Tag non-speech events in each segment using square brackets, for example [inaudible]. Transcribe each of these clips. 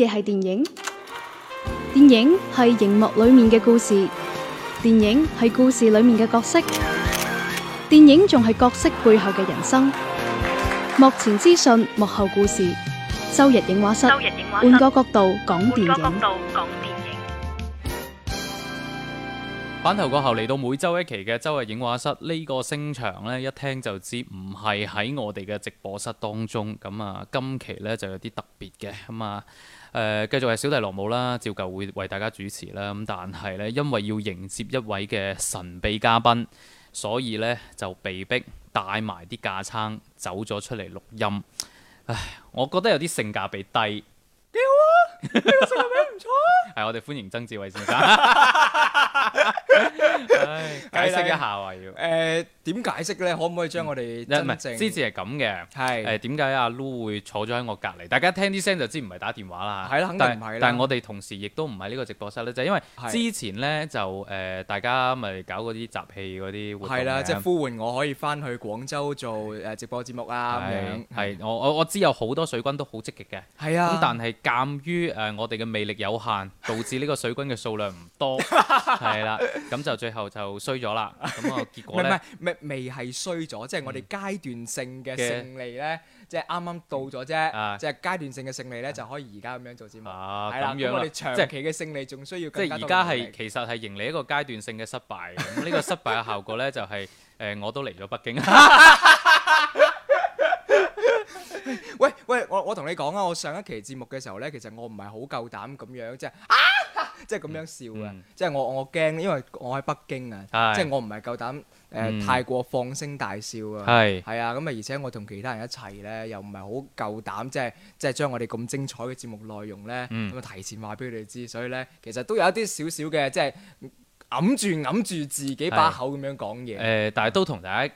嘢係電影，電影係熒幕裏面嘅故事，電影係故事裏面嘅角色，電影仲係角色背後嘅人生。幕前資訊，幕後故事。周日影畫室，換個角度講電影。版頭過後嚟到每周一期嘅周日影畫室，呢個聲場呢，一聽就知唔係喺我哋嘅直播室當中。咁啊，今期呢就有啲特別嘅咁啊。誒、呃、繼續係小弟羅武啦，照舊會為大家主持啦。咁、嗯、但係咧，因為要迎接一位嘅神秘嘉賓，所以咧就被逼帶埋啲架撐走咗出嚟錄音。唉，我覺得有啲性價比低。 [laughs] [laughs] 係、啊嗯，我哋歡迎曾志偉先生。 [laughs] [laughs] 解釋一下喎要。誒點、呃、解釋咧？可唔可以將我哋真唔正？之前係咁嘅，係誒點解阿 Lu 會坐咗喺我隔籬？大家聽啲聲就知唔係打電話啦。係啦，肯定唔係啦。但係我哋同時亦都唔係呢個直播室咧，就係、因為之前咧的就誒、呃、大家咪搞嗰啲雜戲嗰啲活動啦，即係呼喚我可以返去廣州做誒直播節目啊咁樣。係的我我我知有好多水軍都好積極嘅，係啊的。咁的但係鑒於誒、呃、我哋嘅魅力有有限，導致呢個水軍嘅數量唔多，係啦， [laughs] 咁就最後就衰咗啦。咁啊，結果咧，未未係衰咗，即係、就是、我哋階段性嘅勝利咧，即係啱啱到咗啫，即係、啊、階段性嘅勝利咧，就可以而家咁樣做節目，係啦、啊。咁了、啊、我哋長期嘅勝利仲需要，即係而家係其實係迎嚟一個階段性嘅失敗。咁呢個失敗嘅效果咧、就是，就係誒我都嚟咗北京。 [laughs] [laughs] [laughs] 喂喂，我我同你講啊，我上一期節目嘅時候咧，其實我唔係好夠膽咁樣，即係啊，即係咁樣笑啊，嗯嗯、即係我我驚，因為我喺北京啊，是即係我唔係夠膽誒太過放聲大笑啊，係係啊，咁啊，而且我同其他人一齊咧，又唔係好夠膽，即係即係將我哋咁精彩嘅節目內容咧，咁啊、嗯、提前話俾你哋知，所以咧，其實都有一啲少少嘅，即係揞住揞住自己把口咁樣講嘢。誒、嗯，但係都同大家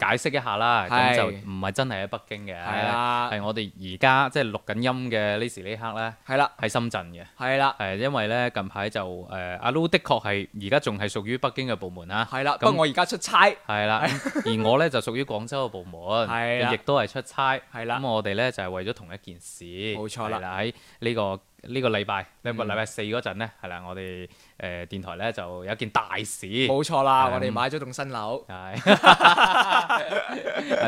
解釋一下啦，咁就唔係真係喺北京嘅，係我哋而家即係錄緊音嘅呢時呢刻咧，喺深圳嘅，係啦，係因為咧近排就誒阿 Lu 的確係而家仲係屬於北京嘅部門啦，係啦，不過我而家出差，係啦，而我咧就屬於廣州嘅部門，係亦都係出差，係啦，咁我哋咧就係為咗同一件事，冇錯啦，喺呢個。呢個禮拜兩、呢個禮拜四嗰陣呢，係啦、嗯，我哋誒、呃、電台呢就有一件大事，冇錯啦，嗯、我哋買咗棟新樓，但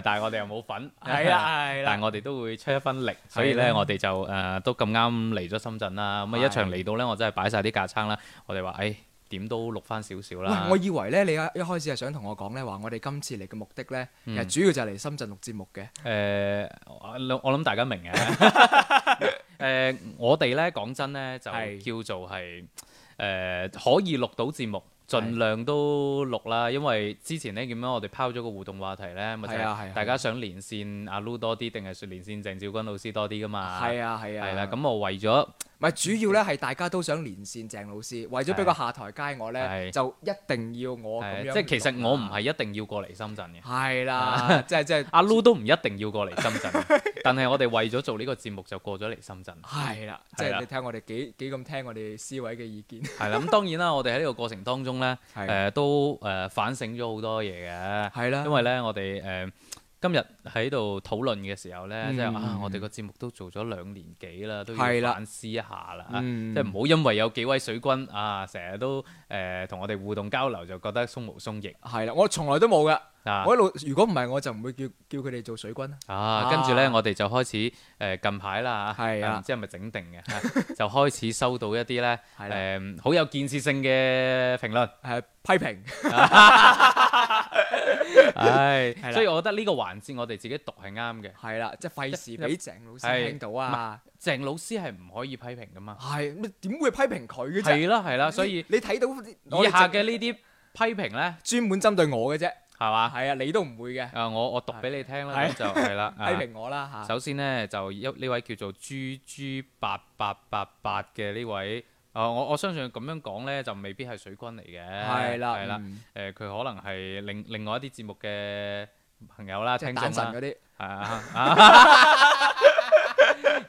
係我哋又冇份，係啦，但係我哋都會出一分力，所以呢，的我哋就誒、呃、都咁啱嚟咗深圳啦，咁啊的、嗯、一場嚟到呢，我真係擺晒啲架撐啦， [laughs] 我哋話誒。哎點都錄翻少少啦！我以為咧，你一開始係想同我講咧，話我哋今次嚟嘅目的咧，嗯、其實主要就嚟深圳錄節目嘅。誒、嗯呃，我諗大家明嘅。誒、 [laughs] 呃，我哋咧講真咧，就叫做係誒的、呃、可以錄到節目，盡量都錄啦。因為之前咧點樣，我哋拋咗個互動話題咧，咪大家想連線阿 Loo 多啲，定係説連線鄭少君老師多啲噶嘛？係啊，係啊。係啦的，咁我為咗。咪主要咧係大家都想連線鄭老師，為咗俾個下台階我咧，就一定要我咁樣。即係其實我唔係一定要過嚟深圳嘅。係啦，即係即係阿 Lu 都唔一定要過嚟深圳，但係我哋為咗做呢個節目就過咗嚟深圳。係啦，即係你睇我哋幾幾咁聽我哋思維嘅意見。係啦，咁當然啦，我哋喺呢個過程當中咧，誒都誒反省咗好多嘢嘅。係啦，因為咧我哋誒。今日喺度討論嘅時候呢，即係、嗯、啊，我哋個節目都做咗兩年幾啦，都要反思一下啦。即係唔好因為有幾位水軍啊，成日都誒同、呃、我哋互動交流，就覺得鬆毛鬆翼。係啦，我從來都冇㗎的、啊。我一路如果唔係，我就唔會叫叫佢哋做水軍。啊，跟住呢，我哋就開始誒近排啦嚇，唔知係咪整定嘅，就開始收到一啲呢，誒、呃、好有建設性嘅評論，係批評。 [laughs] [laughs] 唉、 [laughs] 哎，所以我覺得呢個環節我哋自己讀係啱嘅，係啦， [laughs] 即係費事俾鄭老師聽到啊！鄭老師係唔可以批評噶嘛，係點 [laughs] 會批評佢嘅？係啦係啦，所以你睇到以下嘅呢啲批評咧，專門針對我嘅啫，係嘛吧？係啊， [laughs] 你都唔會嘅。啊，我我讀俾你聽啦， [laughs] 就係 [laughs] 啦，批評我啦吓。首先咧就一呢位叫做 G G 八八八八嘅呢位。啊！我我相信佢咁樣講咧，就未必係水軍嚟嘅。係啦，係啦。誒，佢可能係另另外一啲節目嘅朋友啦，聽眾嗰啲。係 [laughs] 啊，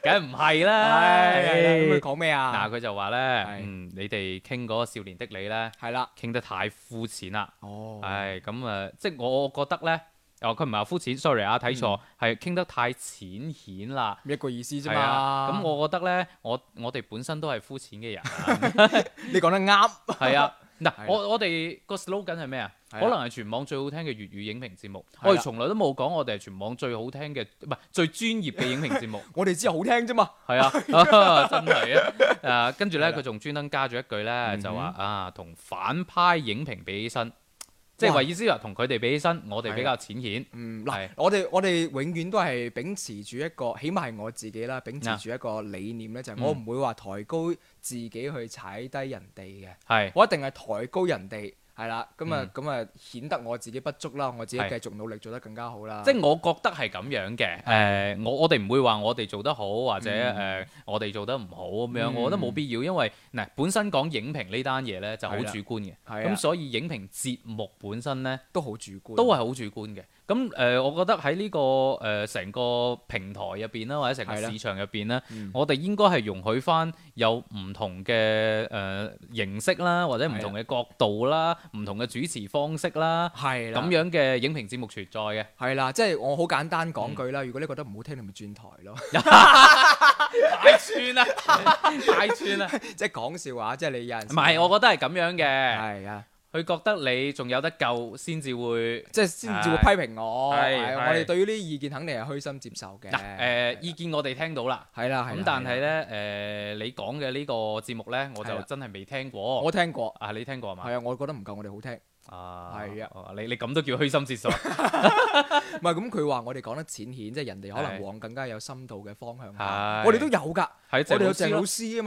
梗唔係啦。佢講咩啊？嗱，佢就話咧，是嗯，你哋傾嗰個少年的你咧，係啦了，傾得太膚淺啦。哦，係咁誒，即係我，我覺得咧。哦，佢唔係話膚淺，sorry 啊，睇錯，係傾得太淺顯啦，一個意思啫嘛。咁我覺得咧，我我哋本身都係膚淺嘅人，你講得啱。係啊，嗱，我我哋個 slogan 係咩啊？可能係全網最好聽嘅粵語影評節目。我哋從來都冇講我哋係全網最好聽嘅，唔係最專業嘅影評節目。我哋只係好聽啫嘛。係啊，真係啊。誒，跟住咧，佢仲專登加咗一句咧，就話啊，同反派影評比起身。即係話意思話同佢哋比起身，我哋比較淺顯。嗯，嗱的、嗯，我哋我哋永遠都係秉持住一個，起碼係我自己啦，秉持住一個理念咧，嗯、就係我唔會話抬高自己去踩低人哋嘅。係的，我一定係抬高人哋。係啦，咁啊咁啊，顯得我自己不足啦，我自己繼續努力做得更加好啦。即係、就是、我覺得係咁樣嘅，誒的、呃，我我哋唔會話我哋做得好或者誒、嗯呃、我哋做得唔好咁樣，嗯、我覺得冇必要，因為嗱本身講影評呢單嘢咧就好主觀嘅，咁的所以影評節目本身咧的都好主觀，都係好主觀嘅。咁誒、呃，我覺得喺呢、這個誒成、呃、個平台入邊啦，或者成個市場入邊啦，是的 我哋應該係容許翻有唔同嘅誒、呃、形式啦，或者唔同嘅角度啦，唔是的 同嘅主持方式啦，係咁是的 樣嘅影評節目存在嘅。係啦，即係我好簡單講句啦，嗯、如果你覺得唔好聽，你咪轉台咯。大轉啊！大轉啊！即係講笑話，即、就、係、是、你人唔係？我覺得係咁樣嘅。係啊。佢覺得你仲有得救先至會，即係先至會批評我。我哋對於呢啲意見肯定係虛心接受嘅。嗱，誒意見我哋聽到啦，係啦，咁但係咧，誒你講嘅呢個節目咧，我就真係未聽過。我聽過，啊你聽過係嘛？係啊，我覺得唔夠我哋好聽。啊，係啊，你你咁都叫虛心接受？唔係，咁佢話我哋講得淺顯，即係人哋可能往更加有深度嘅方向。我哋都有噶，係，我哋有鄭老師啊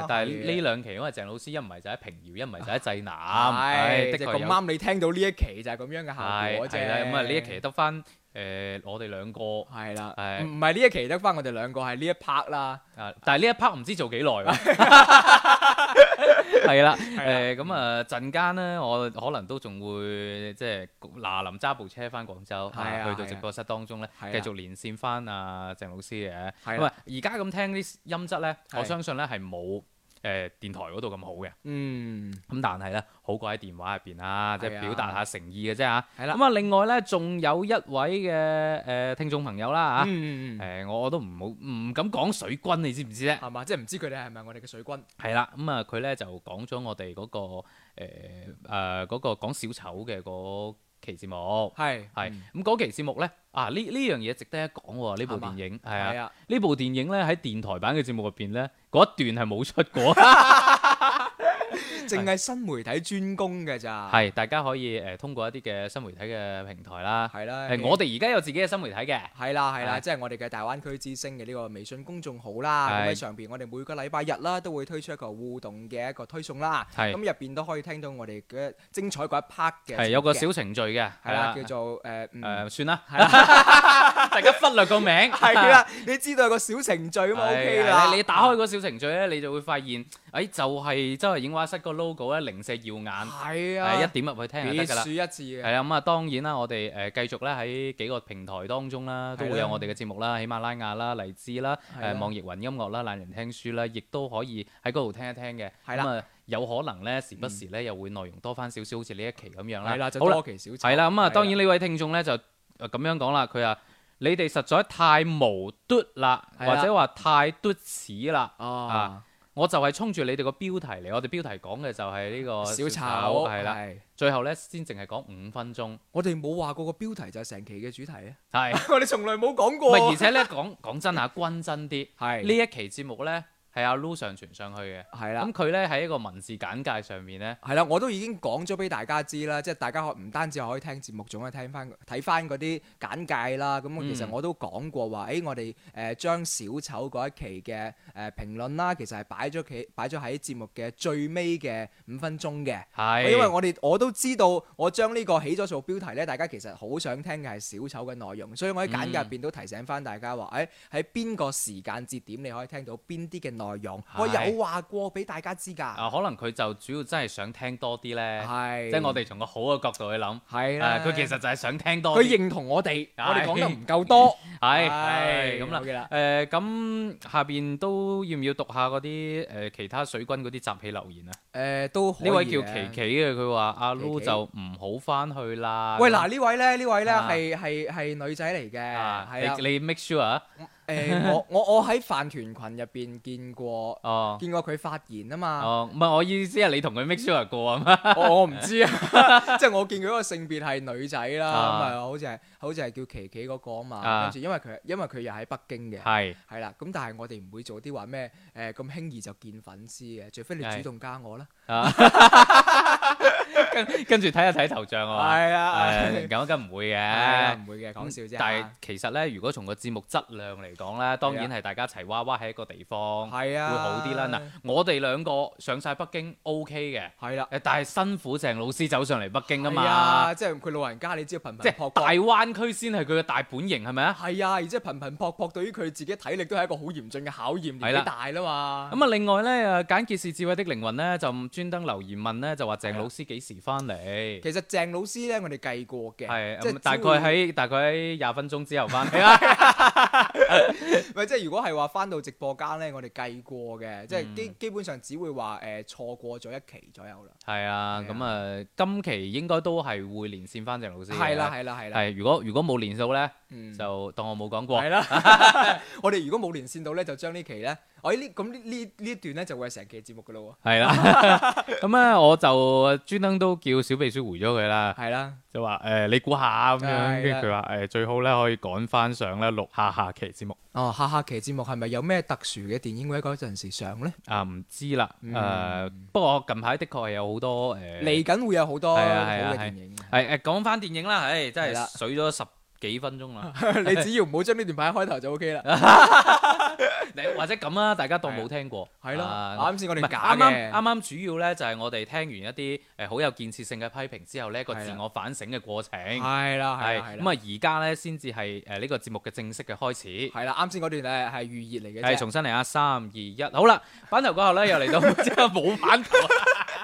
嘛。但係呢兩期，因為鄭老師一唔係就喺平遙，一唔係就喺濟南。係，咁啱你聽到呢一期就係咁樣嘅效果啫。咁啊呢一期得翻誒我哋兩個係啦，唔唔係呢一期得翻我哋兩個係呢一 part 啦。但係呢一 part 唔知做幾耐。係啦，誒咁啊陣間咧，呃、我可能都仲會即係嗱臨揸部車翻廣州，啊、去到直播室當中咧，啊、繼續連線翻阿鄭老師嘅。咁啊，而家咁聽啲音質咧，啊、我相信咧係冇。誒、呃、電台嗰度咁好嘅，嗯，咁但係咧好過喺電話入邊啊，即係表達下誠意嘅啫吓，係啦，咁啊另外咧仲有一位嘅誒聽眾朋友啦嚇，誒我我都唔好唔敢講水軍，你知唔知咧？係嘛，即係唔知佢哋係咪我哋嘅水軍？係啦，嗯，咁啊佢咧就講咗我哋嗰個誒誒嗰個講小丑嘅嗰個。期節目係係咁嗰期節目咧啊，呢呢樣嘢值得一講喎、啊、呢部電影係嗎啊，呢部電影咧喺電台版嘅節目入邊咧嗰一段係冇出過。 [laughs] [laughs] 淨係新媒體專攻嘅咋，係大家可以誒通過一啲嘅新媒體嘅平台啦，係啦，誒我哋而家有自己嘅新媒體嘅，係啦係啦，即係我哋嘅大灣區之星嘅呢個微信公眾號啦，咁喺上邊我哋每個禮拜日啦都會推出一個互動嘅一個推送啦，咁入邊都可以聽到我哋嘅精彩嗰一 part 嘅，係有個小程序嘅，係啦叫做誒誒算啦，大家忽略個名，係啦，你知道係個小程序咁 ok 啦，你打開個小程序咧你就會發現，誒就係周圍影畫室 logo 咧零舍耀眼，係啊，一點入去聽就得㗎啦。別係啊，咁啊當然啦，我哋誒繼續咧喺幾個平台當中啦，都會有我哋嘅節目啦，喜馬拉雅啦、荔枝啦、誒網易雲音樂啦、懶人聽書啦，亦都可以喺嗰度聽一聽嘅。係啦。咁啊有可能咧時不時咧又會內容多返少少，好似呢一期咁樣啦。係啦，就多期少集。係啦，咁啊當然呢位聽眾咧就咁樣講啦，佢啊你哋實在太無端啦，或者話太端屎啦啊！我就係衝住你哋個標題嚟，我哋標題講嘅就係呢個小丑，係啦，最後咧先淨係講五分鐘。的我哋冇話過個標題就係成期嘅主題啊，係的， [laughs] 我哋從來冇講過。唔係，而且咧講講真嚇均真啲，係呢 [laughs] 的一期節目咧。係阿 Lu 上傳上去嘅，係啦是的、嗯。咁佢咧喺一個文字簡介上面咧，係啦，我都已經講咗俾大家知啦，即係大家唔單止可以聽節目，仲可以聽翻睇翻嗰啲簡介啦。咁、嗯嗯、其實我都講過話，誒、哎、我哋誒將小丑嗰一期嘅誒評論啦，其實係擺咗企擺咗喺節目嘅最尾嘅五分鐘嘅，係。是的 因為我哋我都知道，我將呢個起咗做標題咧，大家其實好想聽嘅係小丑嘅內容，所以我喺簡介入邊都提醒翻大家話，誒喺邊個時間節點你可以聽到邊啲嘅內容。內容我有話過俾大家知㗎。啊，可能佢就主要真係想聽多啲咧，即係我哋從個好嘅角度去諗。係，佢其實就係想聽多。佢認同我哋，我哋講得唔夠多。係，係咁啦。誒，咁下邊都要唔要讀下嗰啲誒其他水軍嗰啲集氣留言啊？誒，都呢位叫琪琪嘅，佢話阿 Lu 就唔好翻去啦。喂，嗱呢位咧，呢位咧係係係女仔嚟嘅。係啊，你 make sure 啊。誒、欸、我我我喺飯團群入邊見過，哦、見過佢發言啊嘛，唔係、哦、我意思係你同佢 make sure 過啊嘛、 [laughs] 哦，我我唔知啊， [laughs] [laughs] [laughs] 即係我見佢嗰個性別係女仔啦，咁啊、嗯、好似係。好似係叫琪琪嗰個啊嘛，跟住因為佢因為佢又喺北京嘅，係啦，咁但係我哋唔會做啲話咩誒咁輕易就見粉絲嘅，除非你主動加我啦。跟住睇一睇頭像啊，係啊，咁梗唔會嘅，唔會嘅，講笑啫。但係其實咧，如果從個節目質量嚟講咧，當然係大家齊娃娃喺一個地方，係啊，會好啲啦。嗱，我哋兩個上晒北京 OK 嘅，係啦，但係辛苦鄭老師走上嚟北京啊嘛，即係佢老人家，你知道頻頻即係大灣。推先係佢嘅大本營係咪啊？係啊，而即係頻頻撲撲，對於佢自己體力都係一個好嚴峻嘅考驗，幾大啦嘛。咁啊，另外咧誒，簡潔是智慧的靈魂咧，就專登留言問咧，就話鄭老師幾時翻嚟？其實鄭老師咧，我哋計過嘅，即係大概喺大概喺廿分鐘之後翻嚟啦。唔係，即係如果係話翻到直播間咧，我哋計過嘅，即係基基本上只會話誒錯過咗一期左右啦。係啊，咁啊，今期應該都係會連線翻鄭老師。係啦，係啦，係啦。係如果。如果冇連線到呢，嗯、就當我冇講過的。 [laughs] [laughs] 我哋如果冇連線到呢，就將呢期呢。呢咁呢呢呢段咧就會係成期節目㗎咯喎，係啦，咁啊我就專登都叫小秘書回咗佢啦，係啦，就話誒你估下咁樣，跟住佢話誒最好咧可以趕翻上咧錄下下期節目，哦，下下期節目係咪有咩特殊嘅電影會喺嗰陣時上咧？啊唔知啦，誒不過近排的確係有好多誒，嚟緊會有好多好嘅電影，係誒講翻電影啦，誒真係啦，水咗十幾分鐘啦！你只要唔好將呢段擺喺開頭就 OK 啦。你或者咁啊，大家當冇聽過。係咯，啱先嗰段假嘅。啱啱主要咧就係我哋聽完一啲誒好有建設性嘅批評之後，呢一個自我反省嘅過程。係啦，係啦。咁啊，而家咧先至係誒呢個節目嘅正式嘅開始。係啦，啱先嗰段誒係預熱嚟嘅。係重新嚟啊！三二一，好啦，反頭過後咧又嚟到，即係冇反頭。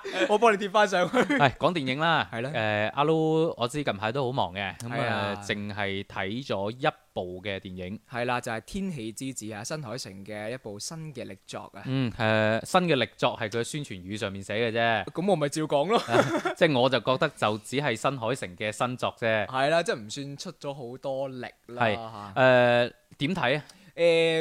[laughs] 我幫你貼翻上去，哎。係講電影啦，係咯的。誒、呃，阿 l u 我知近排都好忙嘅，咁啊的，淨係睇咗一部嘅電影。係啦，就係、是《天氣之子》啊，新海誠嘅一部新嘅力作啊。嗯，誒、呃，新嘅力作係佢嘅宣傳語上面寫嘅啫。咁、嗯、我咪照講咯、呃，即係我就覺得就只係新海誠嘅新作啫。係啦， [laughs] 即係唔算出咗好多力啦。係誒，點睇啊？誒、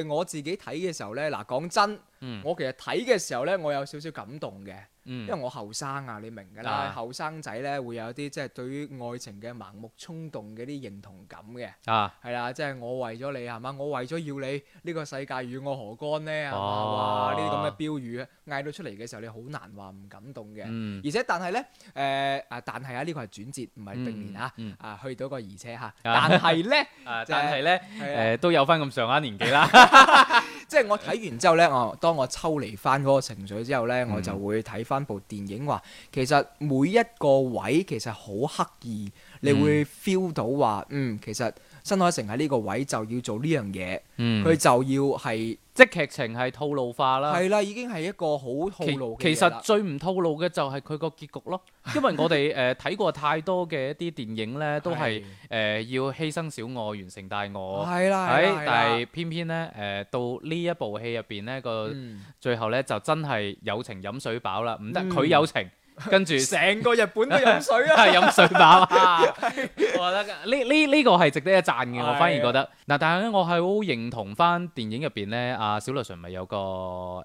呃，我自己睇嘅時候咧，嗱，講真，我其實睇嘅時候咧，我有少少感動嘅。因為我後生啊，你明㗎啦。後生仔咧會有啲即係對於愛情嘅盲目衝動嘅啲認同感嘅，啊，係啦，即係我為咗你係嘛，我為咗要你呢個世界與我何干呢？係嘛，哇！呢啲咁嘅標語嗌到出嚟嘅時候，你好難話唔感動嘅。而且但係咧，誒啊，但係啊，呢個係轉折，唔係並聯啊。啊，去到個而且嚇，但係咧，但係咧，誒都有返咁上下年紀啦。即係我睇完之後咧，我當我抽離翻嗰個情緒之後咧，我就會睇。翻部電影話，其實每一個位其實好刻意，你會 feel 到話，嗯，其實。新海誠喺呢個位就要做呢樣嘢，佢就要係即係劇情係套路化啦。係啦，已經係一個好套路。其實最唔套路嘅就係佢個結局咯，因為我哋誒睇過太多嘅一啲電影咧，都係誒要犧牲小我完成大我。係啦，係啦，但係偏偏咧誒到呢一部戲入邊咧個最後咧就真係有情飲水飽啦，唔得佢有情。跟住成個日本都飲水啊，係飲水飽啊，我覺得呢呢呢個係值得一讚嘅。我反而覺得嗱，但係咧，我係好認同翻電影入邊咧，阿小羅尚咪有個誒，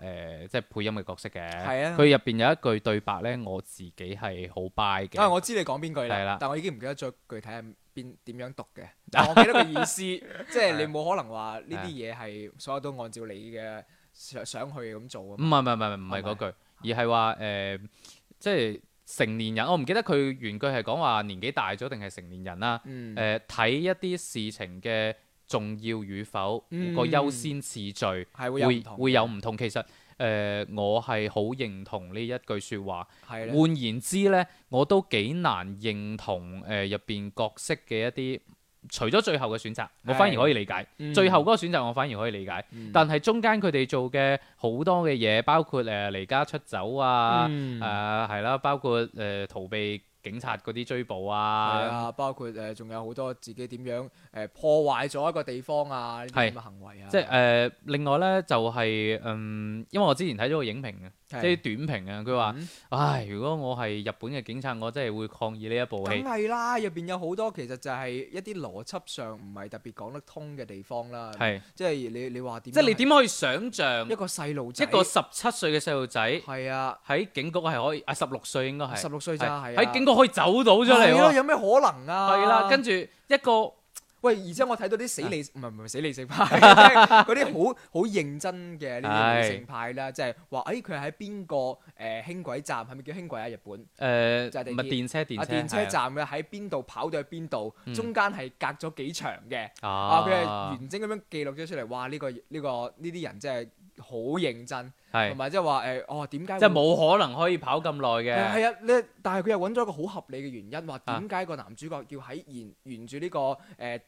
即係配音嘅角色嘅。係啊，佢入邊有一句對白咧，我自己係好拜嘅。啊，我知你講邊句啦，但係我已經唔記得咗具體係邊點樣讀嘅，但我記得個意思，即係你冇可能話呢啲嘢係所有都按照你嘅想想去咁做啊。唔係唔係唔係唔係，嗰句，而係話誒。即係成年人，我唔記得佢原句係講話年紀大咗定係成年人啦。誒睇、嗯呃、一啲事情嘅重要與否，個、嗯、優先次序會會有唔同，同。其實誒、呃，我係好認同呢一句説話。係呢？換言之咧，我都幾難認同誒入邊角色嘅一啲。除咗最後嘅選擇，係，我反而可以理解。嗯、最後嗰個選擇我反而可以理解，嗯、但係中間佢哋做嘅好多嘅嘢，包括誒離家出走啊，誒係啦，包括誒、呃、逃避警察嗰啲追捕啊，係啊，包括誒仲、呃、有好多自己點樣誒、呃、破壞咗一個地方啊呢啲行為啊。即係誒，另外咧就係、是、嗯、呃，因為我之前睇咗個影評嘅。即係短評啊！佢話，嗯、唉，如果我係日本嘅警察，我真係會抗議呢一部戲。梗係啦，入邊有好多其實就係一啲邏輯上唔係特別講得通嘅地方啦。係、嗯，即係你你話點？即係你點可以想像一個細路仔？一個十七歲嘅細路仔。係啊，喺警局係可以啊，十六歲應該係。十六歲咋？喺是、啊、警局可以走到出嚟咯？啊、有咩可能啊？係啦、啊，跟住一個。喂，而且我睇到啲死理，唔係唔係死理性派，嗰啲好好認真嘅呢啲理性派啦，即係話，誒佢喺邊個誒、呃、輕軌站，係咪叫輕軌啊？日本誒，唔係、呃、電車電車、啊、電車站嘅喺邊度跑到去邊度，嗯、中間係隔咗幾長嘅，嗯、啊佢係完整咁樣記錄咗出嚟，哇！呢個呢個呢啲人真係好認真。係，同埋即係話誒，哦，點解即係冇可能可以跑咁耐嘅？係啊，咧，但係佢又揾咗一個好合理嘅原因，話點解個男主角要喺沿沿住呢個誒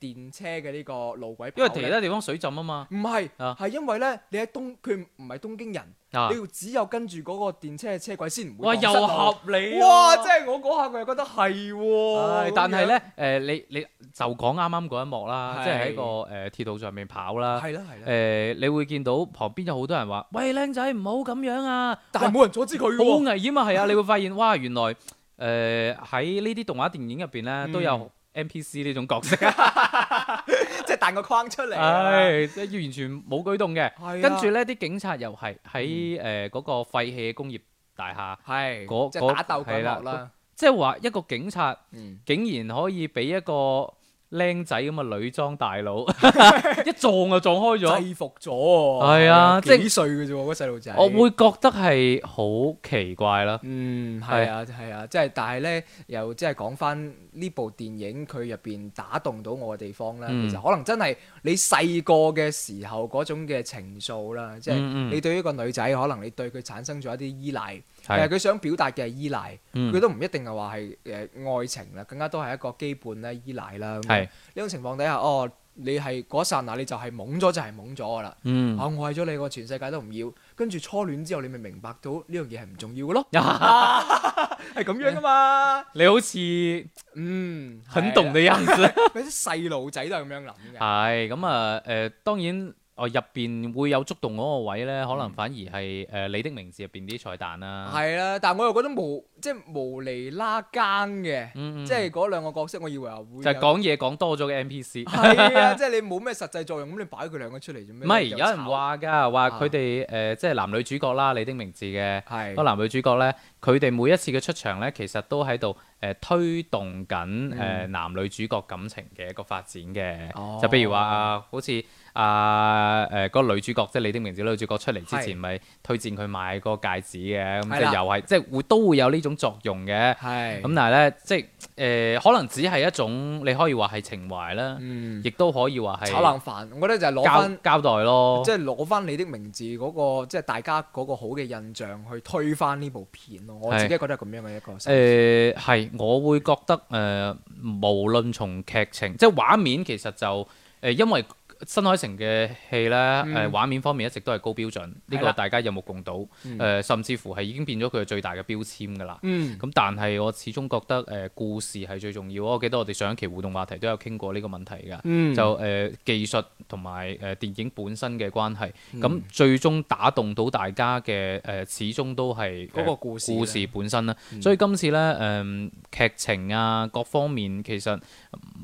電車嘅呢個路軌跑咧？因為其他地方水浸啊嘛。唔係，係因為咧，你喺東，佢唔係東京人，你要只有跟住嗰個電車嘅車軌先唔會。哇，又合理！哇，即係我嗰下佢又覺得係。唉，但係咧，誒，你你就講啱啱嗰一幕啦，即係喺個誒鐵道上面跑啦。係啦，係啦。誒，你會見到旁邊有好多人話：，喂，靚仔！唔好咁樣啊！但係冇人阻止佢，好危險啊！係啊，啊，你會發現，哇，原來誒喺呢啲動畫電影入邊咧都有 NPC 呢種角色，啊、嗯。」即係彈個框出嚟，係即係完全冇舉動嘅。跟住咧，啲警察又係喺誒嗰個廢棄嘅工業大廈，係即打鬥佢啦啦，即係話一個警察竟然可以俾一個。靚仔咁嘅女裝大佬， [laughs] 一撞就撞開咗， [laughs] 制服咗了喎。係啊，啊幾歲嘅啫喎，嗰細路仔。我會覺得係好奇怪啦。嗯，係啊，係啊，即係、啊、但係咧，又即係講翻呢部電影，佢入邊打動到我嘅地方咧，嗯、其實可能真係你細個嘅時候嗰種嘅情愫啦，即係、嗯嗯、你對於一個女仔，可能你對佢產生咗一啲依賴。誒佢想表達嘅係依賴，佢、嗯、都唔一定係話係誒愛情啦，更加多係一個基本嘅依賴啦。呢是種情況底下，哦，你係嗰剎那你就係懵咗，就係懵咗噶啦。啊、哦，愛咗你我全世界都唔要，跟住初戀之後你咪明白到呢樣嘢係唔重要嘅咯，係咁、啊、 [laughs] 樣噶嘛。你好似嗯的很懂嘅樣子，嗰啲細路仔都係咁樣諗嘅。係咁啊誒，當然。哦，入邊會有觸動嗰個位咧，可能反而係誒《你的名字》入邊啲彩蛋啦。係啦，但係我又覺得無即係無釐啦更嘅，即係嗰兩個角色，我以為會就係講嘢講多咗嘅 NPC。係啊，即係你冇咩實際作用，咁你擺佢兩個出嚟做咩？唔係有人話㗎，話佢哋誒即係男女主角啦，《你的名字》嘅嗰個男女主角咧，佢哋每一次嘅出場咧，其實都喺度誒推動緊誒男女主角感情嘅一個發展嘅。就譬如話啊，好似。啊，誒、呃、嗰、那個、女主角即係《你的名字》女主角出嚟之前是，咪推薦佢買嗰個戒指嘅，咁的即係又係即係會都會有呢種作用嘅。係咁的，但係咧，即係誒、呃，可能只係一種你可以話係情懷啦，亦都、嗯、可以話係炒冷飯。我覺得就係攞翻交代咯，即係攞翻《你的名字、那個》嗰個即係大家嗰個好嘅印象去推翻呢部片咯。的我自己覺得咁樣嘅一個誒係的、呃，我會覺得誒、呃，無論從劇情即係畫面，其實就誒，因為。因為新海誠嘅戲咧，誒、嗯呃、畫面方面一直都係高標準，呢、這個大家有目共睹。誒、嗯呃、甚至乎係已經變咗佢嘅最大嘅標籤㗎啦。咁、嗯、但係我始終覺得誒、呃、故事係最重要。我記得我哋上一期互動話題都有傾過呢個問題㗎。嗯、就誒、呃、技術同埋誒電影本身嘅關係，咁、嗯、最終打動到大家嘅誒、呃，始終都係嗰、呃、個故事，故事本身啦。嗯、所以今次咧誒、呃呃、劇情啊各方面其實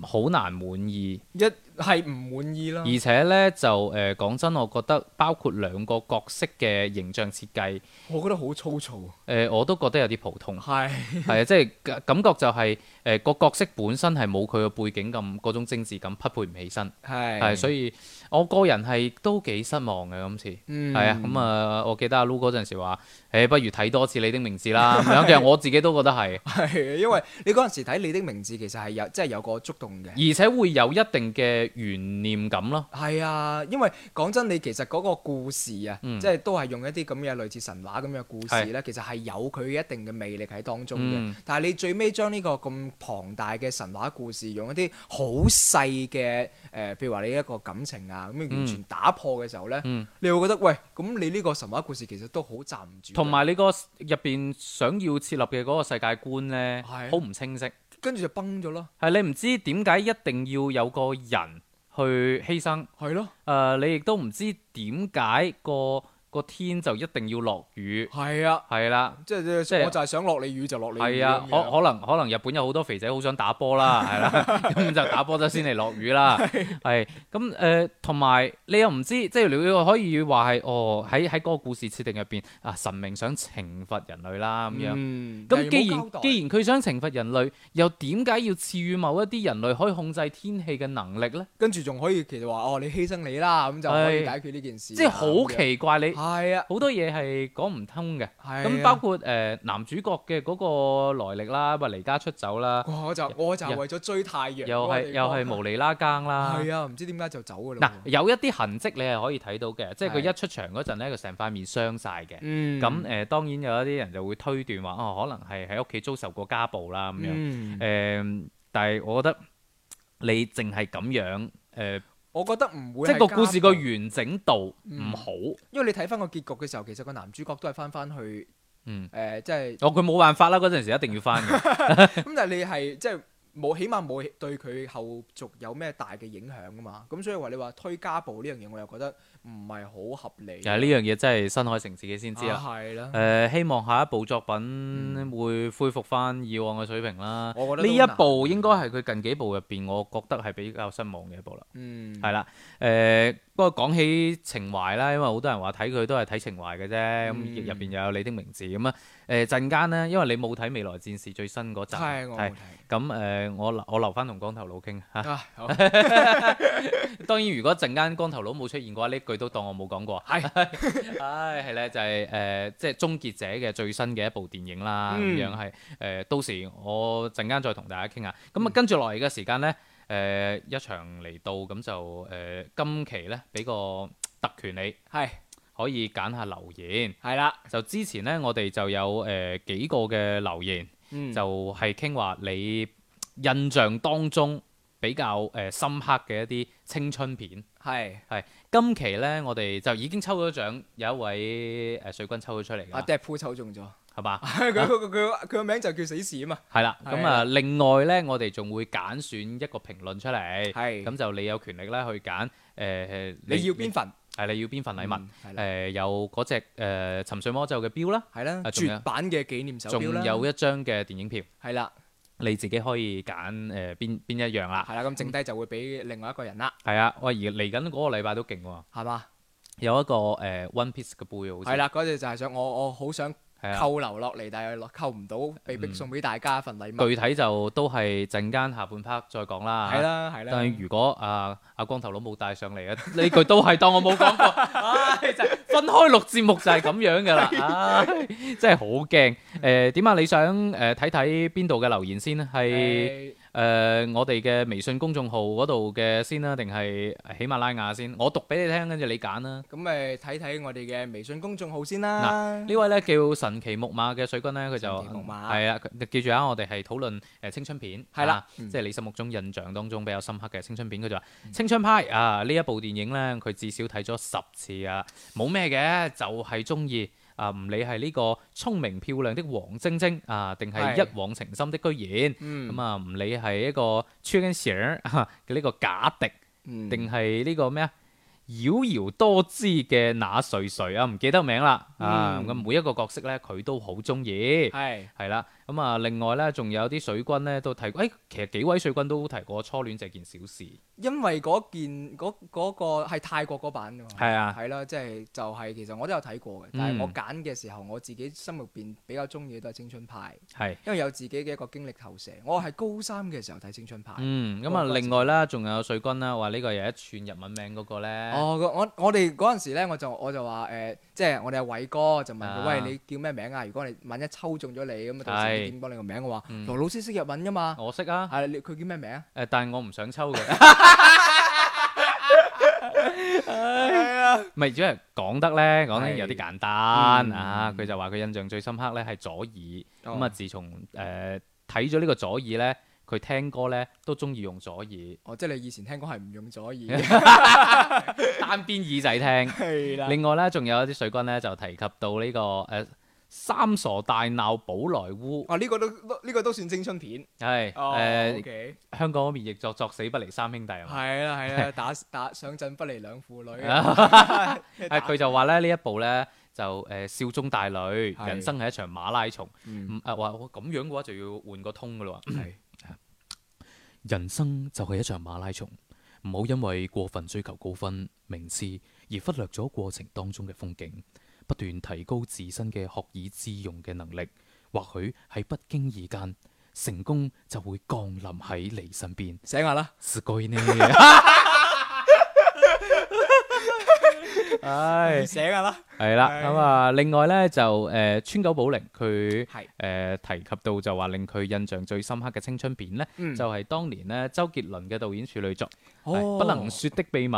好難滿意一。一係唔滿意啦，而且咧就誒講、呃、真，我覺得包括兩個角色嘅形象設計，我覺得好粗糙啊。誒、呃、我都覺得有啲普通，係係啊，即、就、係、是、感覺就係誒個角色本身係冇佢個背景咁嗰種精緻噉匹配唔起身，係係 [laughs] 所以。我個人係都幾失望嘅今次，係、嗯、啊，咁、嗯、啊，我記得阿 Loo 哥嗰陣時話、欸，不如睇多次你的名字啦。咁其實我自己都覺得係，係，因為你嗰陣時睇你的名字，其實係有即係、就是、有個觸動嘅，而且會有一定嘅懸念感咯。係啊，因為講真，你其實嗰個故事啊，嗯、即係都係用一啲咁嘅類似神話咁嘅故事咧，的其實係有佢一定嘅魅力喺當中嘅。嗯、但係你最尾將呢個咁龐大嘅神話故事，用一啲好細嘅誒，譬如話你一個感情啊。咁完全打破嘅時候呢，嗯、你會覺得喂，咁你呢個神話故事其實都好站唔住，同埋你個入邊想要設立嘅嗰個世界觀呢，好唔的清晰，跟住就崩咗咯。係你唔知點解一定要有個人去犧牲，係咯的？誒、呃，你亦都唔知點解、嗰個。個天就一定要落雨，係啊，係啦，即係即係，我就係想落你雨就落你雨。係啊，可可能可能日本有好多肥仔好想打波啦，係啦，咁就打波咗先嚟落雨啦。係咁誒，同埋你又唔知，即係你可以話係哦，喺喺嗰個故事設定入邊啊，神明想懲罰人類啦咁樣。嗯，咁既然既然佢想懲罰人類，又點解要賜予某一啲人類可以控制天氣嘅能力咧？跟住仲可以其實話哦，你犧牲你啦，咁就可以解決呢件事。即係好奇怪你。係啊，好多嘢係講唔通嘅。咁包括誒男主角嘅嗰個來歷啦，或離家出走啦。我就我就為咗追太陽，又係又係無厘啦更啦。係啊，唔知點解就走㗎喇。嗱，有一啲痕跡你係可以睇到嘅，即係佢一出場嗰陣咧，佢成塊面傷晒嘅。咁誒，當然有一啲人就會推斷話，哦，可能係喺屋企遭受過家暴啦咁樣。誒，但係我覺得你淨係咁樣誒。我覺得唔會即個故事個完整度唔好，嗯，因為你睇翻個結局嘅時候，其實個男主角都係翻翻去，嗯、誒，即係、呃就是、哦，佢冇辦法啦，嗰陣時一定要翻嘅。咁 [laughs] [laughs] 但係你係即係冇，起碼冇對佢後續有咩大嘅影響噶嘛。咁所以話你話推家暴呢樣嘢，我又覺得。唔係好合理，就呢樣嘢真係新海誠自己先知啦。誒、啊呃，希望下一部作品、嗯、會恢復翻以往嘅水平啦。呢一部應該係佢近幾部入邊，我覺得係比較失望嘅一部啦。嗯，係啦。誒、呃，不過講起情懷啦，因為好多人話睇佢都係睇情懷嘅啫。咁入邊又有你的名字咁啊。誒、陣間呢，因為你冇睇未來戰士最新嗰集，咁誒，我、呃、我留翻同光頭佬傾嚇。 [laughs] [laughs] [laughs] 當然，如果陣間光頭佬冇出現嘅話，呢句佢都當我冇講過，係、 [laughs] [laughs] 哎，唉，係咧，就係、是、誒、呃，即係終結者嘅最新嘅一部電影啦，咁、嗯、樣係誒、呃，到時我陣間再同大家傾下。咁、嗯、啊，嗯、跟住落嚟嘅時間咧，誒、呃、一場嚟到，咁就誒、呃、今期咧俾個特權你，係、嗯、可以揀下留言，係啦的。就之前咧，我哋就有誒、呃、幾個嘅留言，嗯、就係傾話你印象當中。比較誒深刻嘅一啲青春片，係係。今期咧，我哋就已經抽咗獎，有一位誒水軍抽咗出嚟嘅，阿 Dack 傅抽中咗，係嘛？佢佢佢個名就叫死侍啊嘛。係啦，咁啊，另外咧，我哋仲會揀選一個評論出嚟，係咁就你有權力咧去揀誒，你要邊份？係你要邊份禮物？誒有嗰隻《沉睡魔咒》嘅錶啦，係啦，絕版嘅紀念手錶，仲有一張嘅電影票，係啦。你自己可以揀誒邊邊一樣啦、啊。係啦、啊，咁剩低就會俾另外一個人啦。係、嗯、啊，喂而嚟緊嗰個禮拜都勁喎、啊。係嘛吧？有一個誒、呃、One Piece 嘅杯好似係啦，嗰隻、啊那個、就係想我我好想。扣留落嚟，但係扣唔到，被迫送俾大家份禮物、嗯。具體就都係陣間下半 part 再講啦。係啦，係啦。但係如果阿阿、呃、光頭佬冇帶上嚟啊，呢 [laughs] 句都係當我冇講過。 [laughs] 哎、就係分開錄節目就係咁樣㗎啦 [laughs] 的、哎。真係好驚。誒、呃，點啊？你想誒睇睇邊度嘅留言先咧？係。誒、呃，我哋嘅微信公眾號嗰度嘅先啦、啊，定係喜馬拉雅先？我讀俾你聽，跟住你揀啦、啊。咁誒，睇睇我哋嘅微信公眾號先啦、啊。嗱、啊，位呢位咧叫神奇木馬嘅水軍咧，佢就係啊，記住啊，我哋係討論誒青春片，係啦、嗯啊，即係你心目中印象當中比較深刻嘅青春片。佢就話、嗯、青春派啊，呢一部電影咧，佢至少睇咗十次啊，冇咩嘅，就係鍾意。啊！唔理係呢個聰明漂亮的黃晶晶啊，定係一往情深的居然，咁、嗯、啊唔理係一個 Chung Shier 嘅呢個假狄，定係呢個咩啊妖豔多姿嘅那誰誰啊，唔記得名啦、嗯、啊！咁每一個角色咧，佢都好鍾意，係係啦。咁啊、嗯，另外咧，仲有啲水軍咧都提過，誒、欸，其實幾位水軍都提過初戀這件小事。因為嗰件嗰嗰、那個係泰國嗰版㗎嘛。係是啊，係啦，即係就係、是就是、其實我都有睇過嘅，但係我揀嘅時候，嗯、我自己心入邊比較鍾意都係青春派。係是。因為有自己嘅一個經歷投射。我係高三嘅時候睇青春派。嗯，咁、嗯、啊，嗯、另外啦，仲有水軍啦，話呢個有一串日文名嗰個咧。哦，我我哋嗰陣時咧，我就我就話誒、呃，即係我哋阿偉哥就問佢，餵喂你叫咩名啊？如果你萬一抽中咗你咁啊，點講你個名，我話，羅老師識日文噶嘛？我識啊，係佢叫咩名？誒，但係我唔想抽佢。係啊，唔係如果講得咧，講得有啲簡單啊。佢就話佢印象最深刻咧係左耳咁啊。自從誒睇咗呢個左耳咧，佢聽歌咧都中意用左耳。哦，即係你以前聽歌係唔用左耳，單邊耳仔聽。係啦。另外咧，仲有一啲水軍咧就提及到呢個誒。三傻大鬧寶萊塢啊！呢個都呢個都算青春片，係誒，香港嗰邊亦作作死不離三兄弟啊，係啦係啦，打打上陣不離兩婦女啊，佢就話咧呢一部呢就誒，笑中帶淚。人生係一場馬拉松，誒話咁樣嘅話就要換個通噶啦，係。人生就係一場馬拉松，唔好因為過分追求高分名次而忽略咗過程當中嘅風景。不斷提高自身嘅學以致用嘅能力，或許喺不經意間，成功就會降臨喺你身邊。醒下啦，死鬼，哎，醒下啦。係啦，咁啊，另外咧就誒，川久保玲佢誒提及到就話令佢印象最深刻嘅青春片咧，就係當年咧周杰倫嘅導演處女作《不能説的秘密》。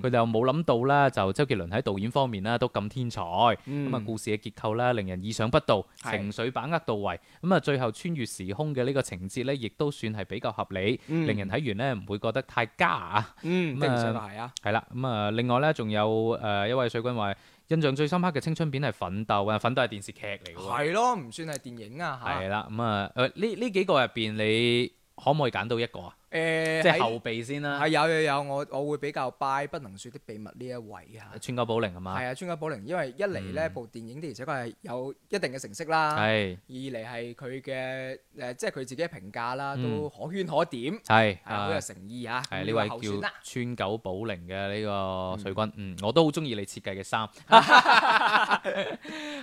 佢就冇諗到啦，就周杰倫喺導演方面咧都咁天才，咁啊故事嘅結構咧令人意想不到，情緒把握到位，咁啊最後穿越時空嘅呢個情節咧，亦都算係比較合理，令人睇完咧唔會覺得太假啊。嗯，咁啊，係係啦，咁啊，另外咧仲有誒一位水軍話。印象最深刻嘅青春片係《奮鬥》，啊，《奮鬥》係電視劇嚟喎。係咯，唔算係電影啊，嚇。係啦，咁啊，呢呢、嗯、幾個入邊，你可唔可以揀到一個啊？誒，即係後備先啦。係有有有，我我會比較拜《不能說的秘密》呢一位啊。川久保玲係嘛？係啊，川久保玲，因為一嚟呢部電影的而且確係有一定嘅成色啦。係。二嚟係佢嘅誒，即係佢自己嘅評價啦，都可圈可點。係。好有誠意啊！係呢位叫川久保玲嘅呢個水軍，嗯，我都好中意你設計嘅衫。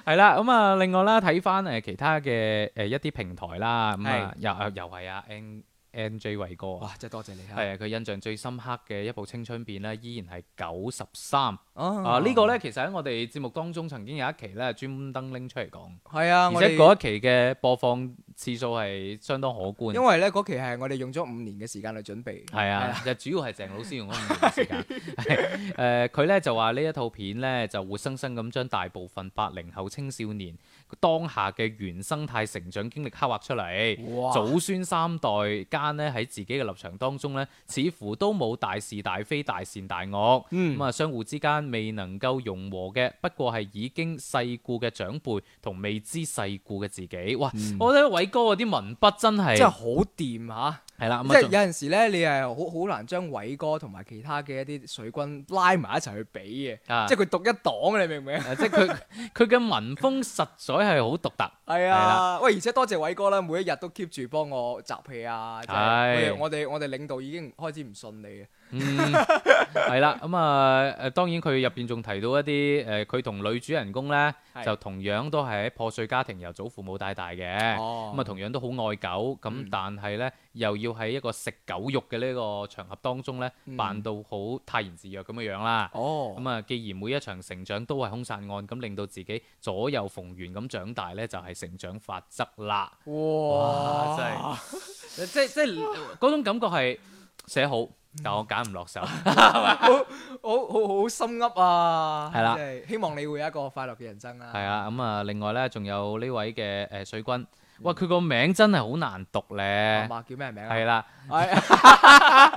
係啦，咁啊，另外啦，睇翻誒其他嘅誒一啲平台啦，咁啊，又又係阿 N。N.J. 偉哥啊！哇，真係多謝你啊！係啊，佢印象最深刻嘅一部青春片咧，依然係九十三。嗯、啊，呢、這個呢，其實喺我哋節目當中曾經有一期呢專登拎出嚟講。係啊、嗯，而且嗰一期嘅播放次數係相當可觀。因為呢，嗰期係我哋用咗五年嘅時間去準備。係啊的，就、嗯、主要係鄭老師用咗五年嘅時間。誒，佢呢就話呢一套片呢，就活生生咁將大部分八零後青少年。當下嘅原生態成長經歷刻畫出嚟，祖孫三代間呢喺自己嘅立場當中呢，似乎都冇大是大非、大善大惡。咁啊，相互之間未能夠融和嘅，不過係已經世故嘅長輩同未知世故嘅自己。哇！嗯、我覺得偉哥嗰啲文筆真係真係好掂嚇，係啦，即係、就是、有陣時呢，你係好好難將偉哥同埋其他嘅一啲水軍拉埋一齊去比嘅，即係佢讀一檔，你明唔明、嗯？即係佢佢嘅文風實在。真係好獨特，係啊！啊喂，而且多謝偉哥啦，每一日都 keep 住幫我集氣啊、就係是！我哋我哋領導已經開始唔信你。嗯，係啦，咁啊，誒，當然佢入邊仲提到一啲，誒，佢同女主人公呢，就同樣都係喺破碎家庭由祖父母帶大嘅，咁啊，同樣都好愛狗，咁但係呢，又要喺一個食狗肉嘅呢個場合當中呢，扮到好泰然自若咁嘅樣啦，咁啊，既然每一場成長都係兇殺案，咁令到自己左右逢源咁長大呢，就係成長法則啦，哇，真係，即即嗰種感覺係寫好。但我揀唔落手，好，好，好好心噏啊！係啦，啊，希望你會有一個快樂嘅人生啦。係啊，咁啊，嗯，另外咧仲有呢位嘅誒水軍，哇，佢個，嗯，名真係好難讀咧，係叫咩名啊？啦，啊，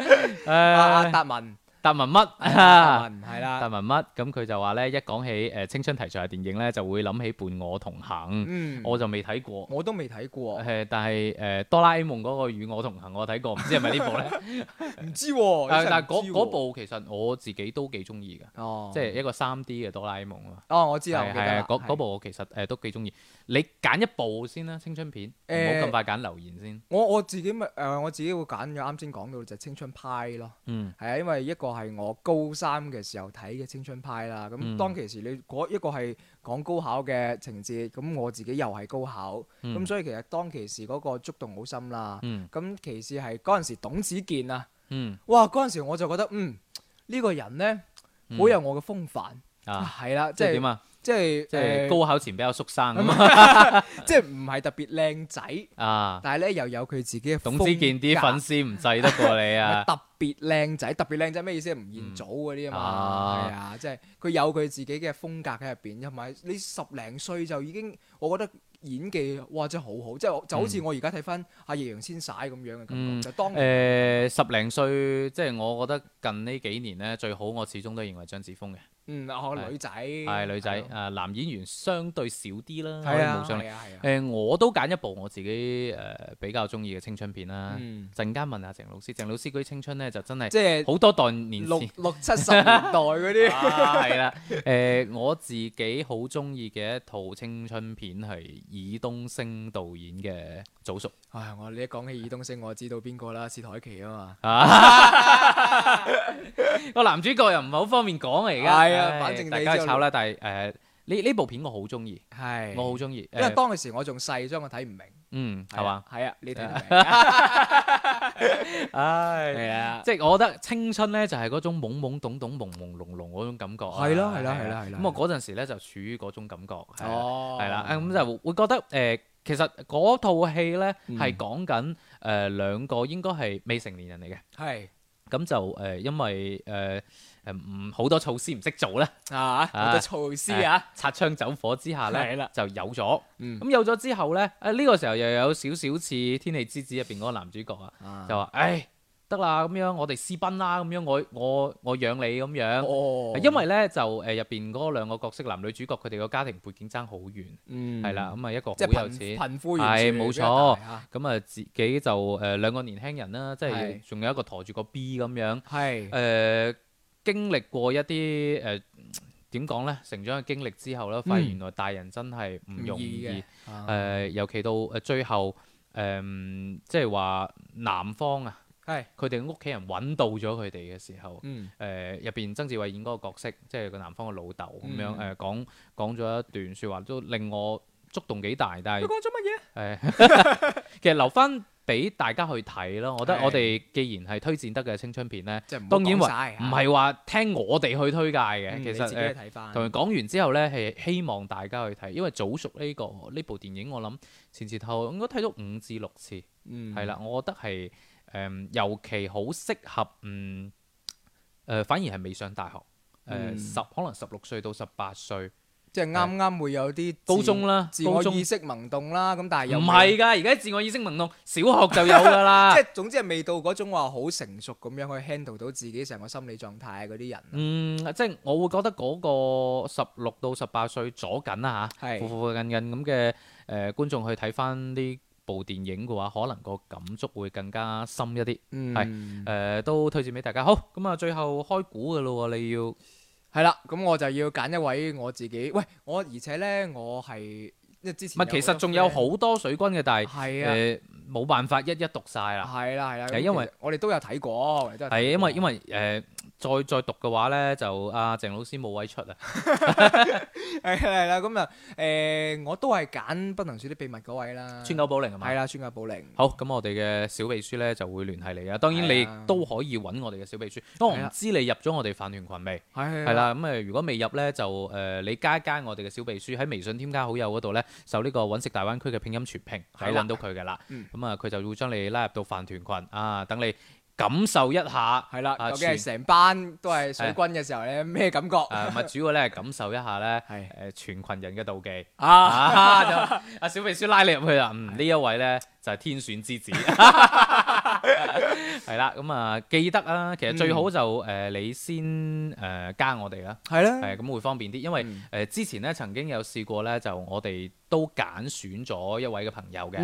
阿阿達文。達文乜？係啦，達文乜？咁佢就話咧，一講起誒青春題材嘅電影咧，就會諗起《伴我同行》。我就未睇過，我都未睇過。誒，但係誒《哆啦 A 夢》嗰個《與我同行》我睇過，唔知係咪呢部咧？唔知喎。但係嗰部其實我自己都幾中意㗎。即係一個三 D 嘅哆啦 A 夢啊。哦，我知道，嗰部我其實誒都幾中意。你揀一部先啦，青春片。誒，唔好咁快揀留言先。我我自己咪誒，我自己會揀嘅。啱先講到就係青春派咯。嗯，係啊，因為一個。係我高三嘅時候睇嘅《青春派》啦，咁當其時你嗰一個係講高考嘅情節，咁我自己又係高考，咁、嗯、所以其實當其時嗰個觸動好深啦。咁、嗯、其次係嗰陣時董子健啊，嗯、哇嗰陣時我就覺得嗯呢、這個人呢，好有我嘅風範，係啦即係點啊？即係即係高考前比較縮生咁啊！即係唔係特別靚仔啊，但係咧又有佢自己嘅風格。董子健啲粉絲唔制得過你啊！特別靚仔，特別靚仔咩意思啊？吳彥祖嗰啲啊嘛，係啊，即係佢有佢自己嘅風格喺入邊，同埋你十零歲就已經，我覺得演技哇真好好，即係就好似我而家睇翻阿易烊千璽咁樣嘅感覺。嗯、就當、嗯呃、十零歲，即係我覺得近呢幾年咧最好，我始終都認為張子楓嘅。嗯，哦，女仔係女仔，誒男演員相對少啲啦。係啊的，係啊，係啊。誒、呃，我都揀一部我自己誒、呃、比較中意嘅青春片啦。嗯，陣間問下啊，鄭老師，鄭老師嗰啲青春咧就真係即係好多代年。六六七十年代嗰啲、 [laughs] [laughs] 啊。係啦。誒、呃， [laughs] 我自己好中意嘅一套青春片係爾冬陞導演嘅。早熟，唉，我你一講起爾冬陞，我知道邊個啦，薛凱琪啊嘛，個男主角又唔係好方便講啊，而家係啊，反正大家炒啦，但係誒，呢呢部片我好中意，係，我好中意，因為當陣時我仲細，所以我睇唔明，嗯，係嘛，係啊，你睇唔明，唉，係啊，即係我覺得青春咧就係嗰種懵懵懂懂、朦朦朧朧嗰種感覺，係咯，係咯，係咯，咁我嗰陣時咧就處於嗰種感覺，哦，係啦，咁就會覺得誒。其實嗰套戲呢，係講緊誒兩個應該係未成年人嚟嘅，係咁是就誒、呃、因為誒誒唔好多措施唔識做咧，啊好多措施啊、呃，擦槍走火之下呢，的就有咗，咁、嗯、有咗之後呢，啊、呃、呢、呢個時候又有少少似《天氣之子》入邊嗰個男主角啊，啊就話唉。哎得啦，咁樣我哋私奔啦，咁樣我我我養你咁樣，哦哦哦哦哦，因為咧就誒入邊嗰兩個角色，男女主角佢哋個家庭背景爭好遠，係啦、嗯，咁、嗯、啊、就是、一個好有錢，貧富完全唔一樣，咁啊自己就誒兩個年輕人啦，即係仲有一個駝住個 B 咁樣，誒是的、呃、經歷過一啲誒點講咧成長嘅經歷之後咧，發現原來大人真係唔容易，誒、嗯嗯嗯嗯、尤其到誒最後誒即係話男方啊。係佢哋屋企人揾到咗佢哋嘅時候，誒入邊曾志偉演嗰個角色，即係個男方嘅老豆咁樣誒，講講咗一段説話，都令我觸動幾大。但係佢講咗乜嘢？誒， [laughs] [laughs] 其實留翻俾大家去睇咯。我覺得我哋既然係推薦得嘅青春片咧，是當然唔係話聽我哋去推介嘅。嗯、其實誒，同佢、嗯呃、講完之後咧，係希望大家去睇，因為早熟呢、這個呢部、這個、電影，我諗前前後應該睇咗五至六次，係啦、嗯是，我覺得係。誒，尤其好適合嗯誒、呃，反而係未上大學，誒、呃嗯、十可能十六歲到十八歲，即係啱啱會有啲高中啦，自我意識萌動啦，咁中但係又唔係噶，而家自我意識萌動，小學就有噶啦， [laughs] 即係總之係未到嗰種話好成熟咁樣去 handle 到自己成個心理狀態嗰啲人。嗯，即、就、係、是、我會覺得嗰個十六到十八歲咗緊啦吓，苦苦跟跟咁嘅誒觀眾去睇翻啲。的部電影嘅話，可能個感觸會更加深一啲，係誒、嗯呃、都推薦俾大家。好，咁啊最後開估嘅咯，你要係啦，咁我就要揀一位我自己喂我，而且呢，我係一之前其實仲有好多水軍嘅，但係誒冇辦法一一讀晒啦，係啦係啦，因為我哋都有睇過，係因為因為誒。呃再再讀嘅話呢，就阿鄭老師冇位出啊，係啦，咁啊，誒，我都係揀不能説啲秘密嗰位啦，川久保玲啊嘛，係啦，川久保玲。好，咁我哋嘅小秘書呢就會聯繫你啊，當然你都可以揾我哋嘅小秘書。我唔知你入咗我哋飯團群未？係係啦，咁啊，如果未入呢，就誒你加一加我哋嘅小秘書喺微信添加好友嗰度呢，搜呢個揾食大灣區嘅拼音全拼，係揾到佢嘅啦。嗯，咁啊，佢就會將你拉入到飯團群。啊，等你。感受一下，係啦，究竟成班都係水軍嘅時候咧，咩感覺？誒，唔係，主要咧感受一下咧，誒，全群人嘅妒忌啊！阿小秘書拉你入去啦，呢一位咧就係天選之子，係啦。咁啊，記得啦。其實最好就誒，你先誒加我哋啦，係啦，係咁會方便啲。因為誒之前咧曾經有試過咧，就我哋都揀選咗一位嘅朋友嘅，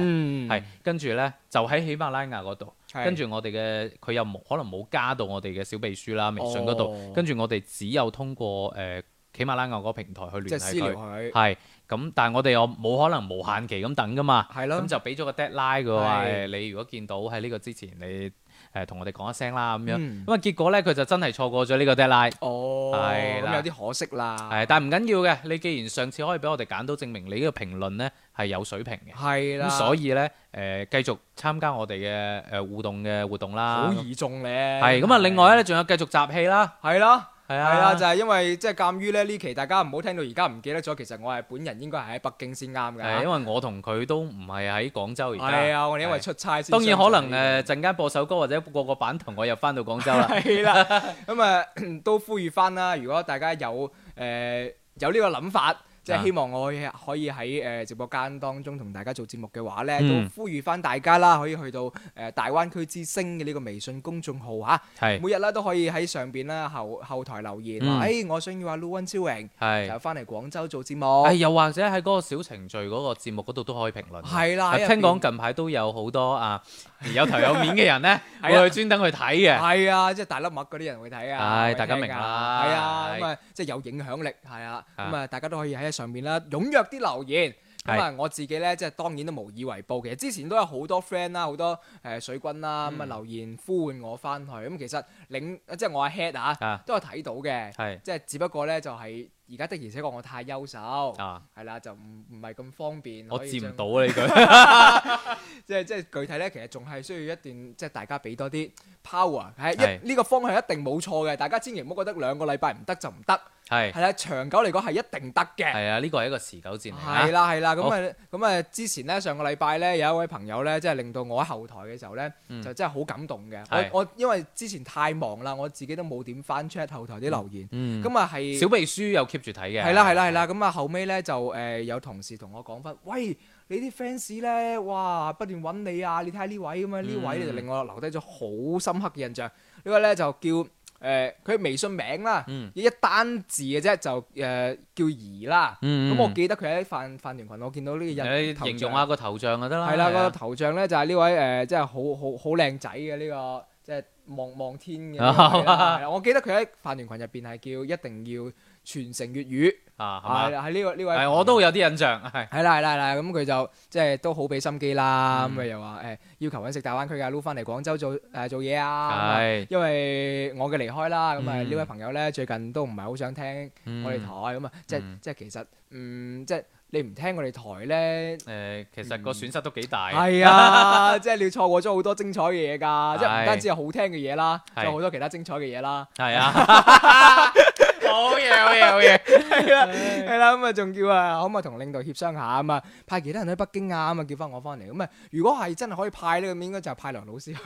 係跟住咧就喺喜馬拉雅嗰度。跟住我哋嘅佢又冇可能冇加到我哋嘅小秘書啦，微信嗰度。哦、跟住我哋只有通過誒喜馬拉雅個平台去聯繫佢，係，咁。但係我哋又冇可能無限期咁等噶嘛，係咯的，咁就俾咗個 deadline 嘅話，誒的，你如果見到喺呢個之前你。誒，同、呃、我哋講一聲啦，咁樣咁啊，結果咧，佢就真係錯過咗呢個 deadline。哦，係咁有啲可惜啦。係，但係唔緊要嘅，你既然上次可以俾我哋揀到，證明你呢個評論咧係有水平嘅。係啦，所以咧誒、呃，繼續參加我哋嘅誒互動嘅活動啦。好易中咧。係咁啊！另外咧，仲有繼續集氣啦。係啦。係啊，啊就係因為即係、就是、鑑於咧呢期大家唔好聽到而家唔記得咗，其實我係本人應該係喺北京先啱嘅。係、啊，因為我同佢都唔係喺廣州而家。係啊，啊，我哋因為出差先。當然可能誒陣間播首歌或者播個版同我又翻到廣州啦。係啦、啊，咁啊、 [laughs] 嗯，都呼籲翻啦，如果大家有誒、呃、有呢個諗法。即係希望我可以喺誒直播間當中同大家做節目嘅話呢、嗯、都呼籲翻大家啦，可以去到誒、呃、大灣區之星嘅呢個微信公眾號嚇，啊、是每日咧都可以喺上邊啦後後台留言話誒、嗯哎，我想要阿盧恩超榮，就翻嚟廣州做節目。誒、哎，又或者喺嗰個小程序嗰個節目嗰度都可以評論。係啦、啊，聽講近排都有好多啊～ [laughs] 有頭有面嘅人咧，我哋 [laughs] 對呀 去專登去睇嘅。係啊，即、就、係、是、大粒麥嗰啲人會睇啊。係、啊，大家明啦。係啊，咁啊，即係、啊、有影響力係啊。咁是啊，大家都可以喺上面啦，踴躍啲留言。咁是啊，我自己咧，即係當然都無以為報。其實之前都有好多 friend 啦，好多誒、呃、水軍啦，咁啊、嗯、留言呼喚我翻去。咁其實領即係、嗯就是、我阿 head 啊，都有睇到嘅。係、啊，即係、啊、只不過咧就係、是。而家的而且確，我太優秀，係啦、啊，就唔唔係咁方便。我接唔到啊！呢句，即係即係具體咧，其實仲係需要一段，即係大家俾多啲 power。係一呢個方向一定冇錯嘅，大家千祈唔好覺得兩個禮拜唔得就唔得。係，係啦、啊，長久嚟講係一定得嘅。係啊，呢個係一個持久戰嚟啊，係啦，係啦，咁啊，咁啊，之前咧，上個禮拜咧，有一位朋友咧，即係令到我喺後台嘅時候咧，嗯、就真係好感動嘅。是我我因為之前太忙啦，我自己都冇點翻 check 後台啲留言。咁啊係。嗯、是小秘書又 keep 住睇嘅。係啦、啊，係啦、啊，係啦、啊，咁啊，啊後尾咧就誒、呃、有同事同我講翻，喂，你啲 fans 咧，哇不斷揾你啊！你睇下呢位咁樣，呢、啊、位就令我留低咗好深刻嘅印象。這個、呢位咧就叫。誒佢、呃、微信名啦，嗯、一單字嘅啫，就誒、呃、叫怡啦。咁、嗯嗯嗯、我記得佢喺飯飯團羣，我見到呢個人形容下個頭像就得啦。係、呃、啦，個頭像咧就係呢位誒，即係好好好靚仔嘅呢、呢個，即係望望天嘅、呢個。係 [laughs] 我記得佢喺飯團群入邊係叫一定要傳承粵語啊，係係呢個呢位，係我都有啲印象，係，係啦係啦係啦，咁佢就即係都好俾心機啦，咁佢又話誒要求搵食大灣區嘅撈翻嚟廣州做誒做嘢啊，係，因為我嘅離開啦，咁啊呢位朋友咧最近都唔係好想聽我哋台，咁啊即係即係其實嗯即係你唔聽我哋台咧，誒其實個損失都幾大，係啊，即係你錯過咗好多精彩嘅嘢噶，即係唔單止係好聽嘅嘢啦，仲有好多其他精彩嘅嘢啦，係啊。好嘢好嘢好嘢，係啦係啦，咁啊仲叫啊，可唔可以同領導協商下啊嘛？派其他人去北京啊咁嘛，叫翻我翻嚟。咁啊如果係真係可以派呢，咁應該就係派梁老師去。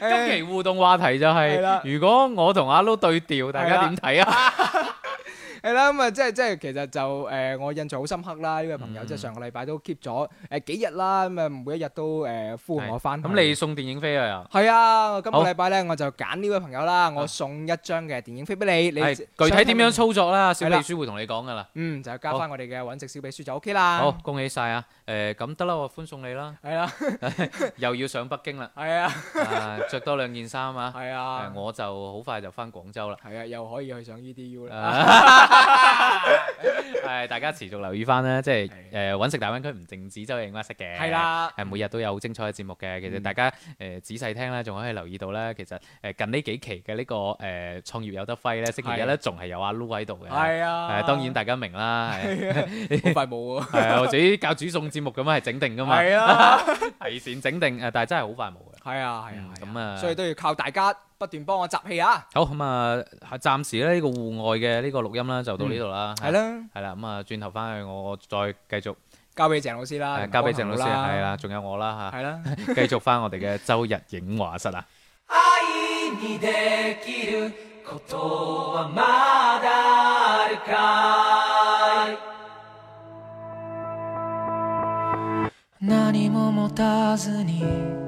今期互動話題就係，如果我同阿 Low 對調，大家點睇啊？係啦，咁啊，即係即係，其實就誒，我印象好深刻啦，呢位朋友即係上個禮拜都 keep 咗誒幾日啦，咁啊每一日都誒呼我翻。咁你送電影飛啊？係啊，我今個禮拜咧我就揀呢位朋友啦，我送一張嘅電影飛俾你。你具體點樣操作啦？小秘書會同你講噶啦。嗯，就交翻我哋嘅搵食小秘書就 OK 啦。好，恭喜晒啊！誒，咁得啦，我歡送你啦。係啊，又要上北京啦。係啊，着多兩件衫啊。係啊，我就好快就翻廣州啦。係啊，又可以去上 EDU 啦。係， [laughs] 大家持續留意翻啦，即係誒揾食大灣區唔淨止周日飲一食嘅，係啦的，係每日都有好精彩嘅節目嘅。其實大家誒、呃、仔細聽咧，仲可以留意到咧，其實誒、呃、近呢幾期嘅呢、這個誒創、呃、業有得揮咧，星期日咧仲係有阿 Loo 喺度嘅，係啊的，誒、呃、當然大家明啦，係快冇喎，係啊，或者教煮餸節目咁樣係整定噶嘛，係啊，提先整定誒，但係真係好快冇係啊係啊，咁啊，嗯、啊所以都要靠大家不斷幫我集氣啊！好咁啊、嗯，暫時咧呢、這個戶外嘅呢個錄音啦，就到呢度啦，係啦、嗯，係啦，咁啊，轉頭翻去我再繼續交俾鄭老師啦，啊、交俾鄭老師，係啦，仲、啊、有我啦嚇，係啦、啊， [laughs] 繼續翻我哋嘅周日影畫室啊！ [laughs]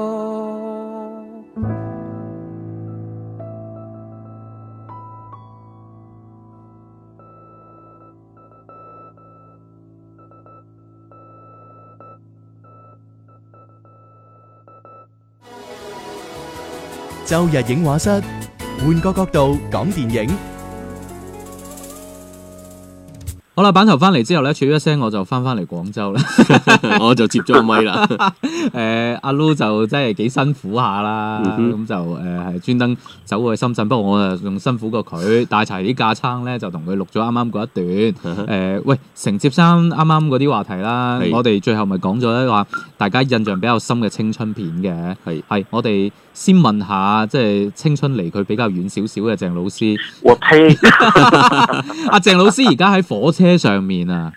周日影畫室，換個角度講電影。好啦，版頭翻嚟之後咧，脆一聲我就翻翻嚟廣州啦， [laughs] 我就接咗阿咪啦。誒、 [laughs] 呃，阿 Lu 就真係幾辛苦下啦，咁 [laughs] 就誒係專登走去深圳，不過我啊仲辛苦過佢，帶齊啲架撐呢，就同佢錄咗啱啱嗰一段。誒、 [laughs] 呃，喂，承接返啱啱嗰啲話題啦，的我哋最後咪講咗一話，大家印象比較深嘅青春片嘅係係我哋。先問下，即係青春離佢比較遠少少嘅鄭老師。我呸！阿 [laughs] 鄭 [laughs] 老師而家喺火車上面啊！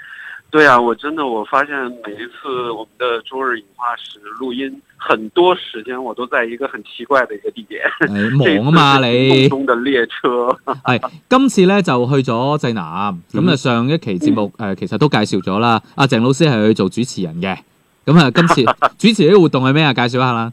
對啊，我真的我發現每一次我們的中日影化史錄音，很多時間我都在一個很奇怪的一個地點。哎、忙啊嘛，你夢中 [laughs] 的列車。係 [laughs] 今次呢就去咗濟南，咁啊、嗯、上一期節目誒、嗯、其實都介紹咗啦。阿鄭老師係去做主持人嘅，咁啊今次主持呢個活動係咩啊？介紹下啦。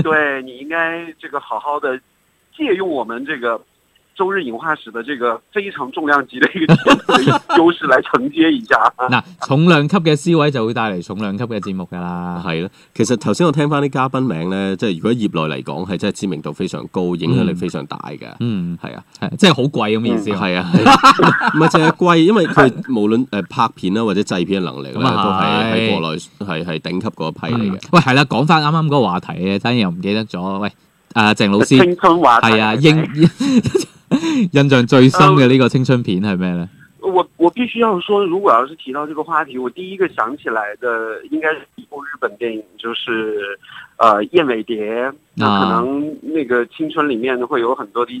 [laughs] 對，你應該這個好好的借用我們這個。周日影化史嘅這個非常重量級的一個優勢來承接一下，嗱，重量級嘅 C 位就會帶嚟重量級嘅節目噶啦，係咯。 [laughs] 其實頭先我聽翻啲嘉賓名咧，即係 [laughs] 如果業內嚟講係真係知名度非常高，影響力非常大嘅、嗯，嗯，係啊，係，即係好貴咁嘅意思，係啊、嗯，唔係淨係貴，因為佢無論誒拍片啦或者製片嘅能力咧， [laughs] 都係喺國內係係頂級嗰批嚟嘅的。喂，係啦，講翻啱啱嗰個話題嘅，突然又唔記得咗，喂。啊，鄭、呃、老師，青春話題，係啊，印英 [laughs] 印象最深嘅呢個青春片係咩咧？我我必須要說，如果要是提到呢個話題，我第一個想起來嘅應該是一部日本電影，就是《呃、啊燕尾蝶》。可能那個青春裏面會有很多啲。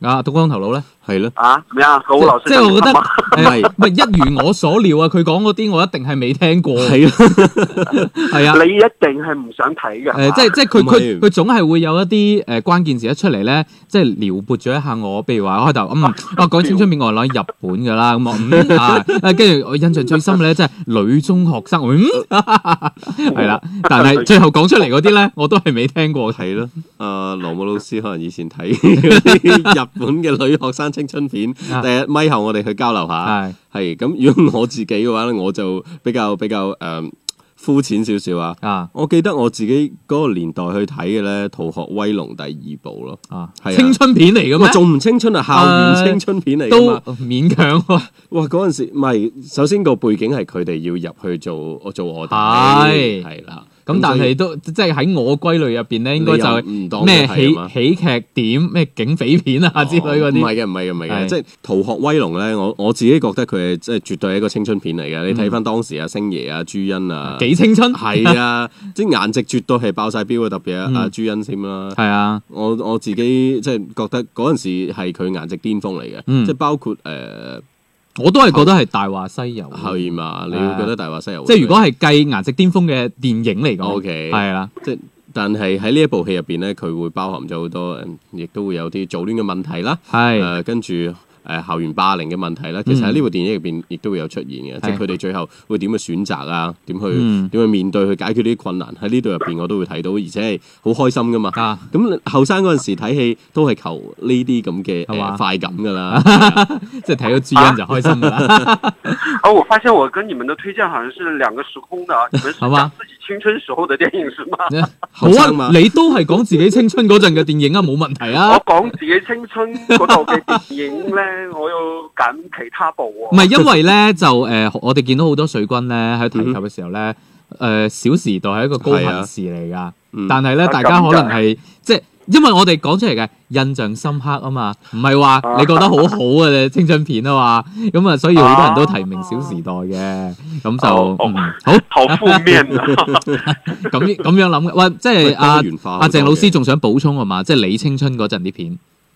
啊，到光頭佬咧，係咯，啊，咩啊，即係我覺得，唔係一如我所料啊，佢講嗰啲我一定係未聽過，係啊，你一定係唔想睇嘅，即係即係佢佢佢總係會有一啲誒關鍵字一出嚟咧，即係撩撥咗一下我，譬如話開頭，嗯，啊，講青春片我係日本噶啦，咁啊，嗯啊，跟住我印象最深嘅咧，即係女中學生，嗯，係啦，但係最後講出嚟嗰啲咧，我都係未聽過，係咯，啊，羅姆老師可能以前睇本嘅女學生青春片。啊、第一咪後我哋去交流下，係是，係咁。如果我自己嘅話咧，我就比較比較誒膚淺少少啊。啊，我記得我自己嗰個年代去睇嘅咧《逃學威龍》第二部咯。啊，啊青春片嚟㗎嘛。仲唔青春啊？校園青春片嚟，都勉強，啊。哇，嗰陣時唔係，首先個背景係佢哋要入去做，我做我哋係啦。是咁但係都即係喺我歸類入邊咧，應該就係咩喜喜劇點、咩警匪片啊之類嗰啲。唔係嘅，唔係嘅，唔係嘅。的即係《逃學威龍》咧，我我自己覺得佢係即係絕對係一個青春片嚟嘅。你睇返當時啊，星爺啊，朱茵啊，幾青春？係啊的， [laughs] 即係顏值絕對係爆晒標嘅特別、嗯、啊，阿朱茵先啦。係啊，的我我自己即係覺得嗰陣時係佢顏值巔峰嚟嘅。即係是、嗯、包括誒。呃我都係覺得係《大話西遊》係嘛，你會覺得《大話西遊》，啊即係如果係計顏值巔峰嘅電影嚟講，係啦 Okay 的，即係但係喺呢一部戲入邊咧，佢會包含咗好多，誒、嗯、亦都會有啲早戀嘅問題啦，係的，誒、呃，跟住。誒校園霸凌嘅問題啦，其實喺呢部電影入邊亦都會有出現嘅，即係佢哋最後會點去選擇啊，點去點去面對去解決呢啲困難，喺呢度入邊我都會睇到，而且係好開心噶嘛。咁後生嗰陣時睇戲都係求呢啲咁嘅快感㗎啦，即係睇咗之後就開心啦。啊，我發現我跟你們的推薦好像是兩個時空的啊，你們是講自己青春時候的電影是嗎？好啊，你都係講自己青春嗰陣嘅電影啊，冇問題啊。我講自己青春嗰度嘅電影咧。我要揀其他部喎。唔係，因為咧就誒、呃，我哋見到好多水軍咧喺提及嘅時候咧，誒、呃，《小時代》係一個高分時嚟噶，嗯、但係咧這樣 大家可能係即係，因為我哋講出嚟嘅印象深刻啊嘛，唔係話你覺得好好嘅、啊、青春片啊嘛，咁啊，所以好多人都提名《小時代》嘅、啊、咁、啊、就、啊啊、好好負面咁、啊、咁 [laughs] 樣諗嘅。喂，即係阿阿鄭老師仲想補充啊嘛？即係你青春嗰陣啲片。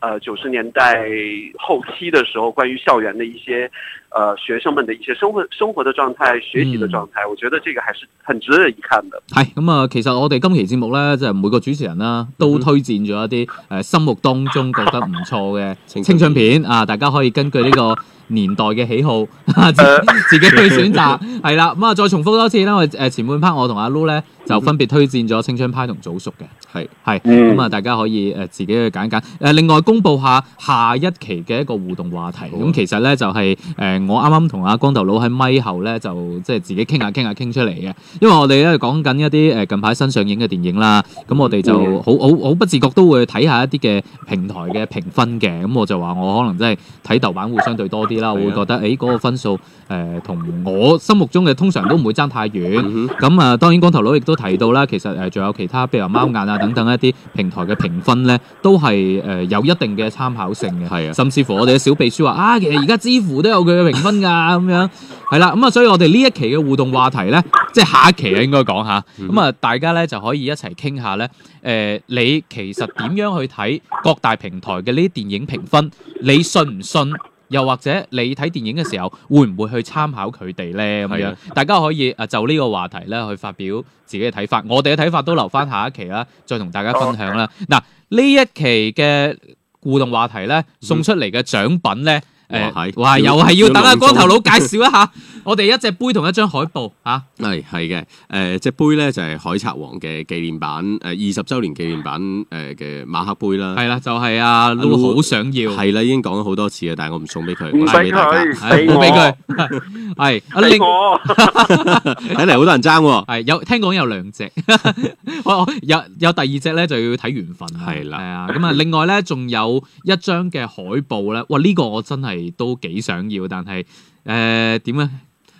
呃，九十年代後期的時候，關於校園的一些。誒，學生們的一些生活、生活的狀態、學習的狀態，我覺得這個還是很值得一看的。係咁啊，其實我哋今期節目咧，就每個主持人啦，都推薦咗一啲誒，嗯、心目當中覺得唔錯嘅青春片 [laughs] 啊，大家可以根據呢個年代嘅喜好，自己、嗯、自己去選擇。係啦，咁啊，再重複多次啦，前我前半 part 我同阿 Lu 咧，就分別推薦咗青春派同早熟嘅。係係、嗯，咁啊，嗯嗯、大家可以誒自己去揀揀。誒，另外公布一下下一期嘅一個互動話題，咁、嗯、的其實呢、就是，就係誒。我啱啱同阿光頭佬喺咪後咧，就即係自己傾下傾下傾出嚟嘅。因為我哋咧講緊一啲誒近排新上映嘅電影啦，咁我哋就、啊、好好好不自覺都會睇下一啲嘅平台嘅評分嘅。咁我就話，我可能即係睇豆瓣會相對多啲啦，我會覺得誒嗰、嗰個分數誒同、呃、我心目中嘅通常都唔會爭太遠，咁啊，啊，當然光頭佬亦都提到啦，其實誒仲有其他，譬如話貓眼啊等等一啲平台嘅評分咧，都係誒、呃、有一定嘅參考性嘅。係啊，甚至乎我哋嘅小秘書話啊，其實而家知乎都有佢。評 [laughs] 分噶，咁樣係啦，咁啊，所以我哋呢一期嘅互動話題呢，即係下一期啊，應該講吓，咁啊，大家呢就可以一齊傾下呢，誒、呃，你其實點樣去睇各大平台嘅呢啲電影評分？你信唔信？又或者你睇電影嘅時候會唔會去參考佢哋呢？咁樣，大家可以啊，就呢個話題呢去發表自己嘅睇法。我哋嘅睇法都留翻下，下一期啦，再同大家分享啦。嗱、嗯，呢一期嘅互動話題呢，送出嚟嘅獎品呢。誒、哎，哇，又係要等阿、啊、光頭佬介紹一下，我哋一隻杯同一張海報吓。係係嘅，誒、哎，隻、呃、杯咧就係、是、海賊王嘅紀念版，誒、呃，二十周年紀念版誒嘅、呃、馬克杯啦。係啦，就係、是、啊，都好、啊、想要。係啦，已經講咗好多次啊，但係我唔送俾佢，唔俾佢，唔俾佢，係啊死我、哎，你睇嚟好多人爭喎、啊。 [laughs] 係有聽講 [laughs] 有兩隻，有有第二隻咧就要睇緣分啦。係啦，係啊，咁啊，另外咧仲有一張嘅海報咧，哇，呢、這個我真係～都幾想要，但係誒點咧？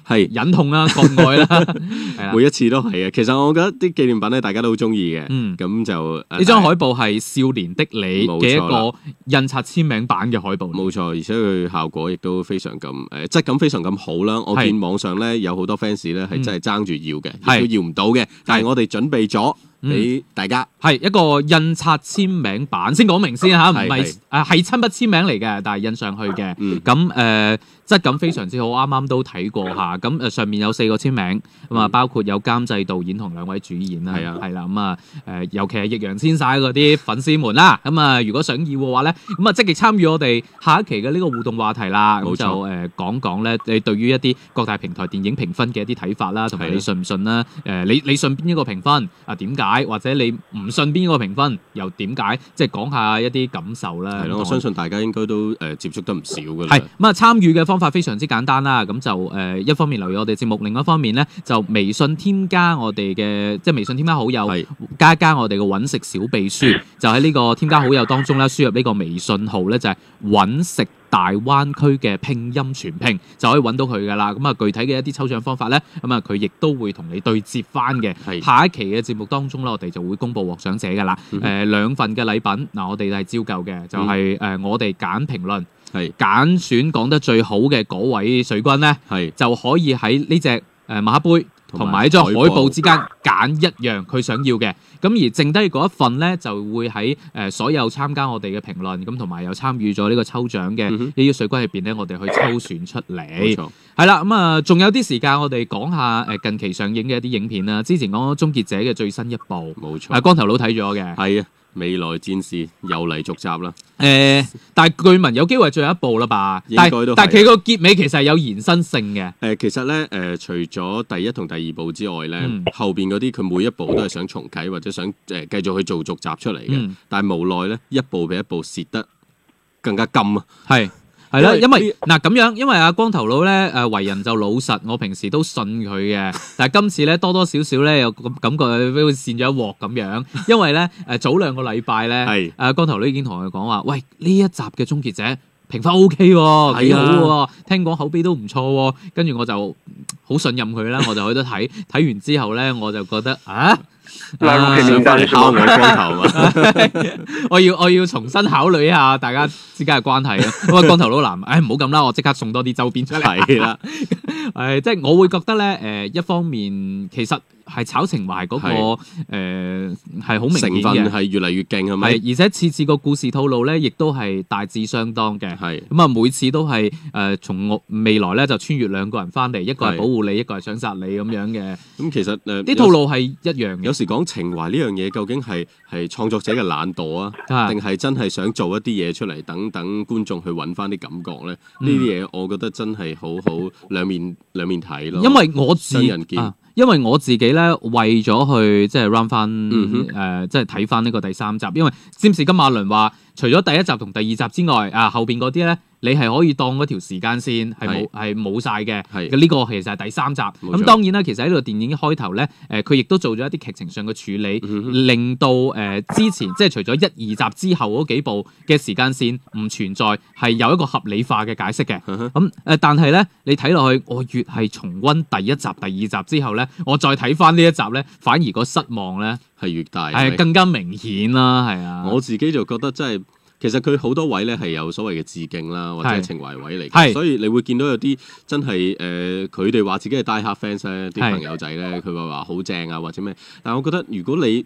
係、呃、忍是痛啦、啊，割愛啦、啊， [laughs] 啊、每一次都係啊。其實我覺得啲紀念品咧，大家都好中意嘅。嗯，咁就呢張海報係《少年的你》嘅一個印刷簽名版嘅海報。冇錯，而且佢效果亦都非常咁誒，質、呃、感非常咁好啦。我見網上咧有好多 fans 咧係真係爭住要嘅，都要唔到嘅。是但係我哋準備咗。俾大家係、嗯、一個印刷簽名版，先講明先嚇，唔係誒係親筆簽名嚟嘅，但係印上去嘅。咁誒、嗯。質感非常之好，啱啱都睇過嚇。咁誒上面有四個簽名，咁啊包括有監製、導演同兩位主演啦，係啊、嗯，係啦。咁啊誒，尤其係易烊千璽嗰啲粉絲們啦。咁、嗯、啊，如果想要嘅話咧，咁啊積極參與我哋下一期嘅呢個互動話題啦。咁錯就誒講講咧，你對於一啲各大平台電影評分嘅一啲睇法啦，同埋你信唔信啦？誒的，你你信邊一個評分啊？點解？或者你唔信邊一個評分又點解？即、就、係、是、講下一啲感受咧。係咯的，我相信大家應該都誒、呃、接觸得唔少㗎。係咁啊，參與嘅方方法非常之簡單啦，咁就誒、呃、一方面留意我哋節目，另一方面呢就微信添加我哋嘅即係微信添加好友，是加加我哋嘅揾食小秘書，是就喺呢個添加好友當中呢，輸入呢個微信號呢，就係、是、揾食大灣區嘅拼音全拼，就可以揾到佢噶啦。咁啊具體嘅一啲抽獎方法呢，咁啊佢亦都會同你對接翻嘅。是下一期嘅節目當中呢，我哋就會公布獲獎者噶啦。誒是、嗯、兩份嘅禮品，嗱我哋係照舊嘅，就係、是、誒我哋揀評論，評論。係揀是選講得最好嘅嗰位水軍咧，係是就可以喺呢隻誒馬克杯同埋呢張海報之間揀一樣佢想要嘅，咁有而剩低嗰一份咧就會喺誒所有參加我哋嘅評論咁同埋有參與咗呢個抽獎嘅呢啲水軍入邊咧，我哋去抽選出嚟。冇錯、嗯哼，係啦， [laughs] 咁、嗯、啊，仲有啲時間，我哋講下誒近期上映嘅一啲影片啦。之前講咗《終結者》嘅最新一部，冇錯錯，啊，光頭佬睇咗嘅，係啊。未來戰士又嚟續集啦，誒、欸，但係據聞有機會最後一部啦吧，但係但佢個結尾其實係有延伸性嘅，誒、欸，其實咧，誒、呃，除咗第一同第二部之外咧，嗯、後邊嗰啲佢每一部都係想重啟或者想誒繼、呃、續去做續集出嚟嘅，嗯、但係無奈咧，一部比一部蝕得更加金啊，係。係啦，因為嗱咁為樣，因為阿光頭佬咧，誒為人就老實，我平時都信佢嘅。但係今次咧，多多少少咧，又感覺有少少跣咗一鑊咁樣。因為咧，誒早兩個禮拜咧，阿是光頭佬已經同佢講話，喂呢一集嘅終結者評分 O K，幾好，啊、聽講口碑都唔錯。跟住我就好信任佢啦，我就去咗睇。睇 [laughs] 完之後咧，我就覺得啊。拉我上街光頭啊！我要我要重新考慮一下，大家之間嘅關係啊！咁啊，光頭佬男，唉，唔好咁啦，我，即刻送多啲周邊出嚟啦！係，即係我會覺得咧，誒，一方面其實係炒情懷嗰個，誒，係好明顯嘅成分係越嚟越勁係咪？係，而且次次個故事套路咧，亦都係大致相當嘅。係，咁啊，每次都係誒從我未來咧就穿越兩個人翻嚟，一個係保護你，一個係想殺你咁樣嘅。咁其實啲套路係一樣嘅。當時講情懷呢樣嘢，究竟係係創作者嘅懶惰啊，定係真係想做一啲嘢出嚟，等等觀眾去揾翻啲感覺呢？呢啲嘢我覺得真係好好兩面兩面睇咯。因為我自己、啊，因為我自己呢，為咗去即係 run 翻，誒，即係睇翻呢個第三集，嗯、哼因為占士金馬倫話，除咗第一集同第二集之外，啊，後邊嗰啲呢。你係可以當嗰條時間線係冇係冇曬嘅，嘅呢是 是 個其實係第三集。咁沒錯 當然啦，其實喺呢個電影一開頭咧，誒佢亦都做咗一啲劇情上嘅處理，令到誒、呃、之前即係除咗一二集之後嗰幾部嘅時間線唔存在，係有一個合理化嘅解釋嘅。咁、呃、誒，但係咧，你睇落去，我越係重溫第一集、第二集之後咧，我再睇翻呢一集咧，反而個失望咧係越大，係更加明顯啦，係啊！我自己就覺得真係。 [noise] 其實佢好多位咧係有所謂嘅致敬啦，或者係情懷位嚟嘅，是所以你會見到有啲真係誒，佢哋話自己係 Die Hard fans 啲是朋友仔咧，佢話話好正啊，或者咩？但係我覺得如果你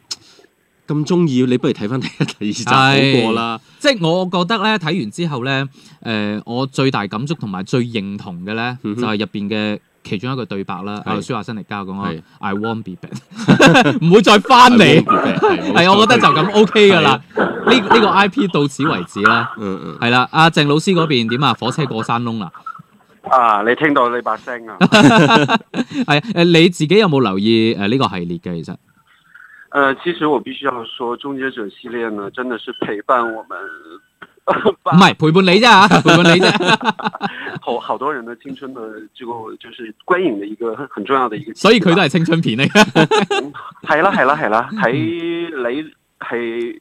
咁中意，你不如睇翻第一、第二集是好過啦。即係我覺得咧，睇完之後咧，誒、呃，我最大感觸同埋最認同嘅咧， [laughs] 就係入邊嘅。其中一個對白啦，阿舒華辛力加講我是，I won't be back，唔 [laughs] 會再返嚟。係，係，我覺得就咁 OK 嘅啦。呢呢是是個 IP 到此為止啦。嗯是嗯。係啦，阿鄭老師嗰邊點啊？火車過山窿啦、啊。啊！你聽到你把聲啊。係誒， [laughs] [laughs] 你自己有冇留意誒呢個系列嘅？其實，誒、呃，其實我必須要說，終結者系列呢，真的是陪伴我們。唔係陪伴你咋，陪伴你咋，好好多人嘅青春嘅。呢個就是觀影嘅一個很重要的一個，所以佢都係青春片嚟嘅。係啦係啦係啦，喺你係。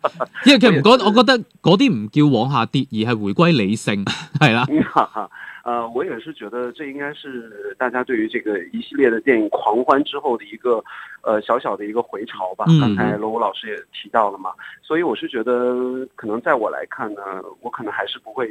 [laughs] 因為其實，我覺得嗰啲唔叫往下跌，而係回歸理性，係啦。啊，我也是覺得，這應該是大家對於這個一系列的電影狂歡之後的一個，呃，小小的一個回潮吧。剛才羅武老師也提到了嘛，所以我是覺得，可能在我來看呢，我可能還是不會。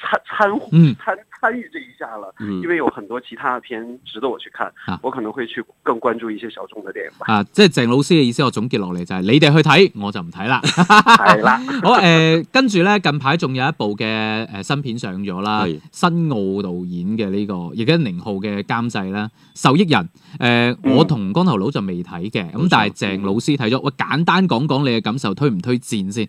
參參,參與參參與這一下了，因為有很多其他嘅片值得我去看，啊、我可能會去更關注一些小眾嘅電影。啊，即係鄭老師嘅意思，我總結落嚟就係、是、你哋去睇，我就唔睇 [laughs] 啦。係啦，好、呃、誒，跟住咧，近排仲有一部嘅誒新片上咗啦，是申奧導演嘅呢、這個，亦都寧浩嘅監製啦，受益人。誒、呃，嗯、我同光頭佬就未睇嘅，咁、嗯、但係鄭老師睇咗，我、呃、簡單講講你嘅感受，推唔推薦先？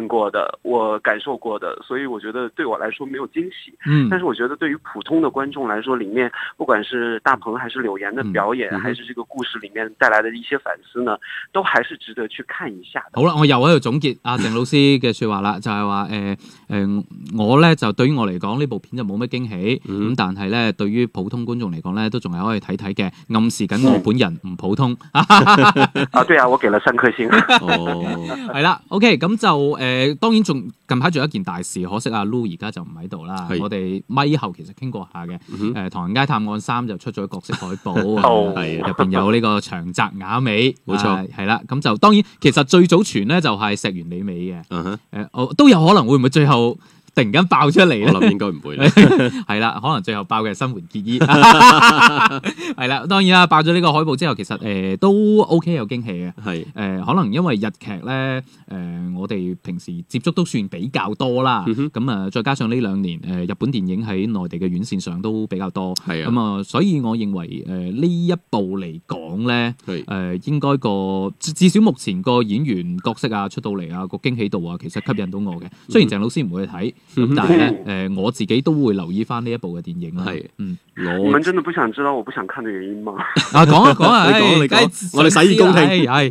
見過的，我感受過的，所以我覺得對我來說沒有驚喜。但是我覺得對於普通的觀眾來說，裏面不管是大鵬還是柳岩的表演，還是這個故事裏面帶來的一些反思呢，都還是值得去看一下的，嗯。嗯嗯，一下的好啦，我又喺度總結阿、啊、鄭老師嘅說話啦， [laughs] 就係話誒誒，我呢，就對於我嚟講呢部片就冇咩驚喜。咁但係呢，對於普通觀眾嚟講呢都仲係可以睇睇嘅，暗示緊我本人唔普通。嗯， [laughs] 啊，對啊，我給了三顆星。哦， [laughs] [laughs] 係啦，OK，咁就。誒、呃、當然仲近排仲有一件大事，可惜阿 Lu 而家就唔喺度啦。是我哋咪後其實傾過下嘅，誒、嗯哼呃《唐人街探案三》就出咗角色海報，係入邊有呢個長澤雅美，冇錯、 [laughs] 呃，係啦。咁就當然其實最早傳咧就係石原里美嘅，誒、嗯哼呃、都有可能會唔會最後。突然間爆出嚟我諗應該唔會，係啦，可能最後爆嘅係新垣結衣，係 [laughs] 啦，當然啦，爆咗呢個海報之後，其實誒、呃、都 O、OK、K 有驚喜嘅，係誒是、呃、可能因為日劇咧，誒、呃、我哋平時接觸都算比較多啦，咁啊、嗯、哼再加上呢兩年誒、呃、日本電影喺內地嘅院線上都比較多，咁啊所以我認為誒呢、呃、一部嚟講咧，係誒是、呃、應該個至少目前個演員角色啊出到嚟啊個驚喜度啊，其實吸引到我嘅， [laughs] 嗯、雖然鄭老師唔會去睇。嗯、但係咧，誒的、呃，我自己都會留意翻呢一部嘅電影啦。係的，嗯，你們真的不想知道我不想看嘅原因嗎？ [laughs] 啊，講啊，講下、啊，我哋我哋洗耳恭聽，係、哎。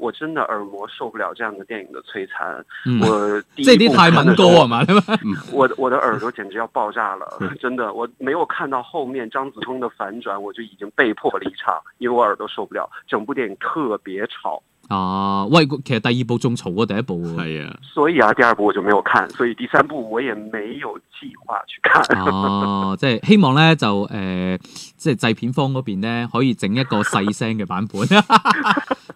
我真的耳膜受不了這樣的電影的摧殘，嗯、我第一部、嗯、這啲太猛多嘛， [laughs] 我我的耳朵簡直要爆炸了， [laughs] 真的，我沒有看到後面張子楓的反轉，我就已經被迫離場，因為我耳朵受不了，整部電影特別吵。啊，喂，其實第二部仲吵過第一部，係啊，所以啊，第二部我就沒有看，所以第三部我也沒有計劃去看。哦、 [laughs] 啊，即係希望咧就誒、呃，即係製片方嗰邊咧可以整一個細聲嘅版本。 [laughs] [laughs]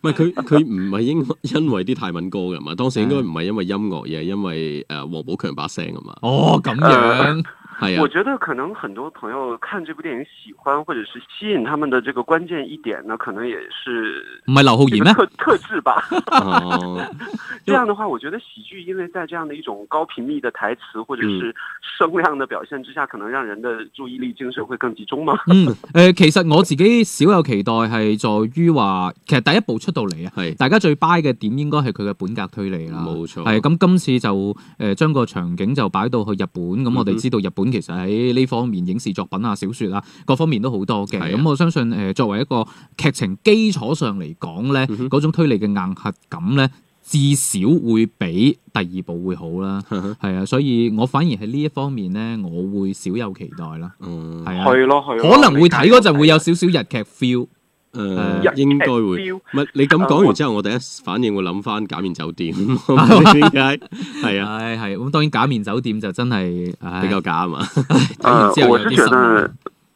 唔係佢佢唔係因因為啲泰文歌㗎嘛，當時應該唔係因為音樂嘅，而係因為誒王、呃、寶強把聲㗎嘛。哦，咁樣。 [laughs] 係，是我覺得可能很多朋友看這部電影喜歡，或者是吸引他們的這個關鍵一點呢，可能也是唔係劉浩然呢特特質吧。哦， [laughs] 這樣的話，我覺得喜劇因為在這樣的一種高頻率的台詞或者是聲量的表現之下，可能讓人的注意力精神會更集中嘛。嗯，誒、呃，其實我自己少有期待係在於話，其實第一部出到嚟啊，係是的 大家最 buy 嘅點應該係佢嘅本格推理啦沒錯。冇錯，係咁今次就誒、呃、將個場景就擺到去日本，咁我哋知道日本。嗯嗯嗯咁其實喺呢方面影視作品啊、小說啊各方面都好多嘅，咁我相信誒，作為一個劇情基礎上嚟講咧，嗰種推理嘅硬核感咧，至少會比第二部會好啦。係啊，所以我反而喺呢一方面咧，我會少有期待啦。嗯，係是啊，去咯去咯，可能會睇嗰陣會有少少日劇 feel。誒，嗯、應該會，唔係、嗯、你咁講完之後，嗯、我第一反應會諗翻假面酒店，唔知點解，係 [laughs] 啊，係係、 [laughs] 哎，咁當然假面酒店就真係，哎、比較假啊嘛。 [laughs] 我是覺得，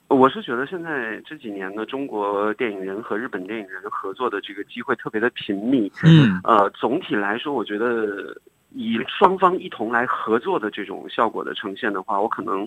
我是覺得，現在這幾年呢，中國電影人和日本電影人合作的這個機會特別的頻密。嗯，呃，總體來說，我覺得以雙方一同來合作的這種效果的呈現的話，我可能。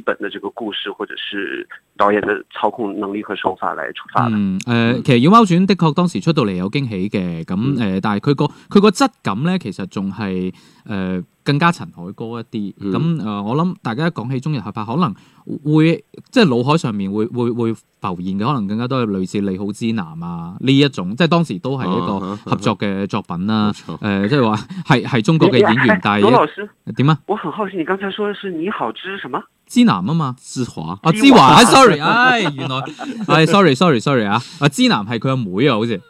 基本嘅，這個故事，或者是導演嘅操控能力和手法來出發。誒，其實《妖貓傳》的確當時出到嚟有驚喜嘅，咁誒，但係佢個佢個質感咧，其實仲係誒更加陳凱歌一啲。咁誒，我諗大家一講起中日合拍，可能會即係腦海上面會會會浮現嘅，可能更加多係類似《你好之男》啊呢一種，即係當時都係一個合作嘅作品啦。誒，即係話係係中國嘅演員，但係老師點啊？我很好奇，你剛才說的是《你好之什麼》？芝南啊嘛，芝華，啊芝華，sorry，哎，原來，哎，sorry，sorry，sorry 啊，啊芝南係佢阿妹啊，好似。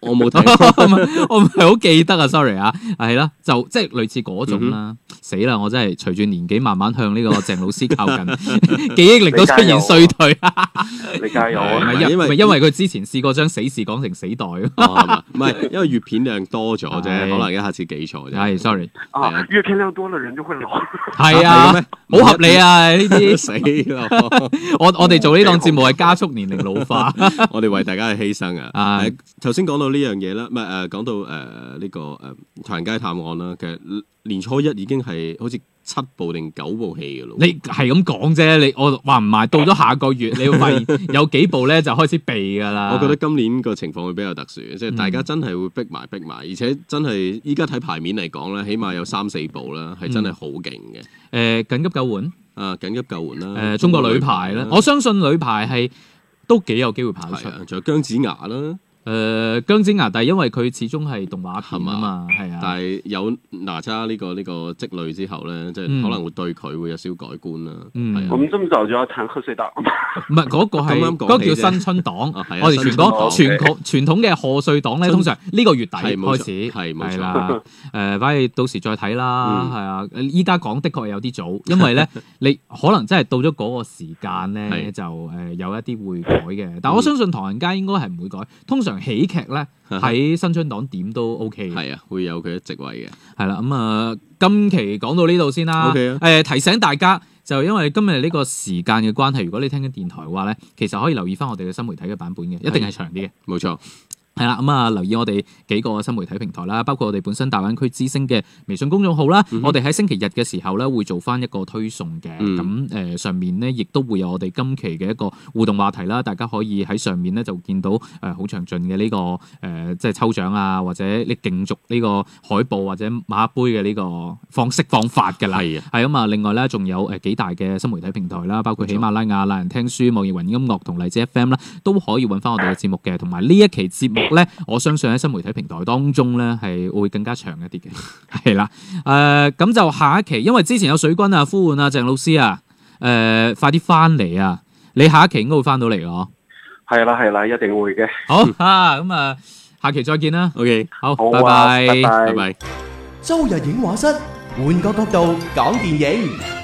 我冇睇，我唔係好記得啊，sorry 啊，係啦，就即係類似嗰種啦，死啦，我真係隨住年紀慢慢向呢個鄭老師靠近，記憶力都出現衰退。你加油，咪因為佢之前試過將死事講成死代咯，係咪？唔係因為閱片量多咗啫，可能一下次記錯啫。sorry 啊，閱片量多嘅人就會老，係啊，好合理啊，呢啲死咯。我我哋做呢檔節目係加速年齡老化，我哋為大家係犧牲啊。啊，頭先。講到呢樣嘢啦，唔係誒，講、啊、到誒呢、呃這個誒唐人街探案啦，其實年初一已經係好似七部定九部戲噶啦。你係咁講啫，你我話唔埋，到咗下個月 [laughs] 你會發現有幾部咧就開始避噶啦。我覺得今年個情況會比較特殊，即係大家真係會逼埋、嗯、逼埋，而且真係依家睇排面嚟講咧，起碼有三四部啦，係真係好勁嘅。誒、嗯、呃、緊急救援啊，緊急救援啦，誒、呃，中國女排啦，我相信女排係都幾有機會排出。仲有姜子牙啦。誒姜子牙，但係因為佢始終係動畫片啊嘛，係啊，但係有哪吒呢個呢個積累之後咧，即係可能會對佢會有少少改觀啦。嗯，我們咁早就要談賀歲檔，唔係嗰個係嗰個叫新春檔，我哋全港統傳統嘅賀歲檔咧，通常呢個月底開始係，冇錯，誒，反而到時再睇啦，係啊，依家講的確有啲早，因為咧你可能真係到咗嗰個時間咧就誒有一啲會改嘅，但我相信唐人街應該係唔會改，通常。喜劇咧喺新春檔點都 O K 嘅，係啊，會有佢嘅席位嘅係啦。咁啊、嗯，今期講到呢度先啦。誒、okay 啊，呃，提醒大家就，因為今日呢個時間嘅關係，如果你聽緊電台嘅話咧，其實可以留意翻我哋嘅新媒體嘅版本嘅，一定係長啲嘅。冇錯。係啦，咁啊留意我哋幾個新媒體平台啦，包括我哋本身大灣區之聲嘅微信公眾號啦，我哋喺星期日嘅時候咧會做翻一個推送嘅，咁誒、嗯嗯、上面咧亦都會有我哋今期嘅一個互動話題啦，大家可以喺上面咧就見到誒好詳盡嘅呢、這個誒、呃、即係抽獎啊或者你競逐呢個海報或者馬杯嘅呢個方式方法噶啦，係啊、嗯，係咁啊，另外咧仲有誒幾大嘅新媒體平台啦，包括喜馬拉雅、懶人聽書、網易雲音，音樂同荔枝 FM 啦，都可以揾翻我哋嘅節目嘅，同埋呢一期節目、嗯。咧，我相信喺新媒體平台當中咧，係會更加長一啲嘅，係 [laughs] 啦。誒、呃，咁就下一期，因為之前有水軍啊，呼喚啊，鄭老師啊，誒、呃，快啲翻嚟啊！你下一期應該會翻到嚟咯。係啦，係啦，一定會嘅。好啊，咁、嗯、啊，下期再見啦。OK，好，拜拜，拜拜。周日影畫室，換個角度講電影。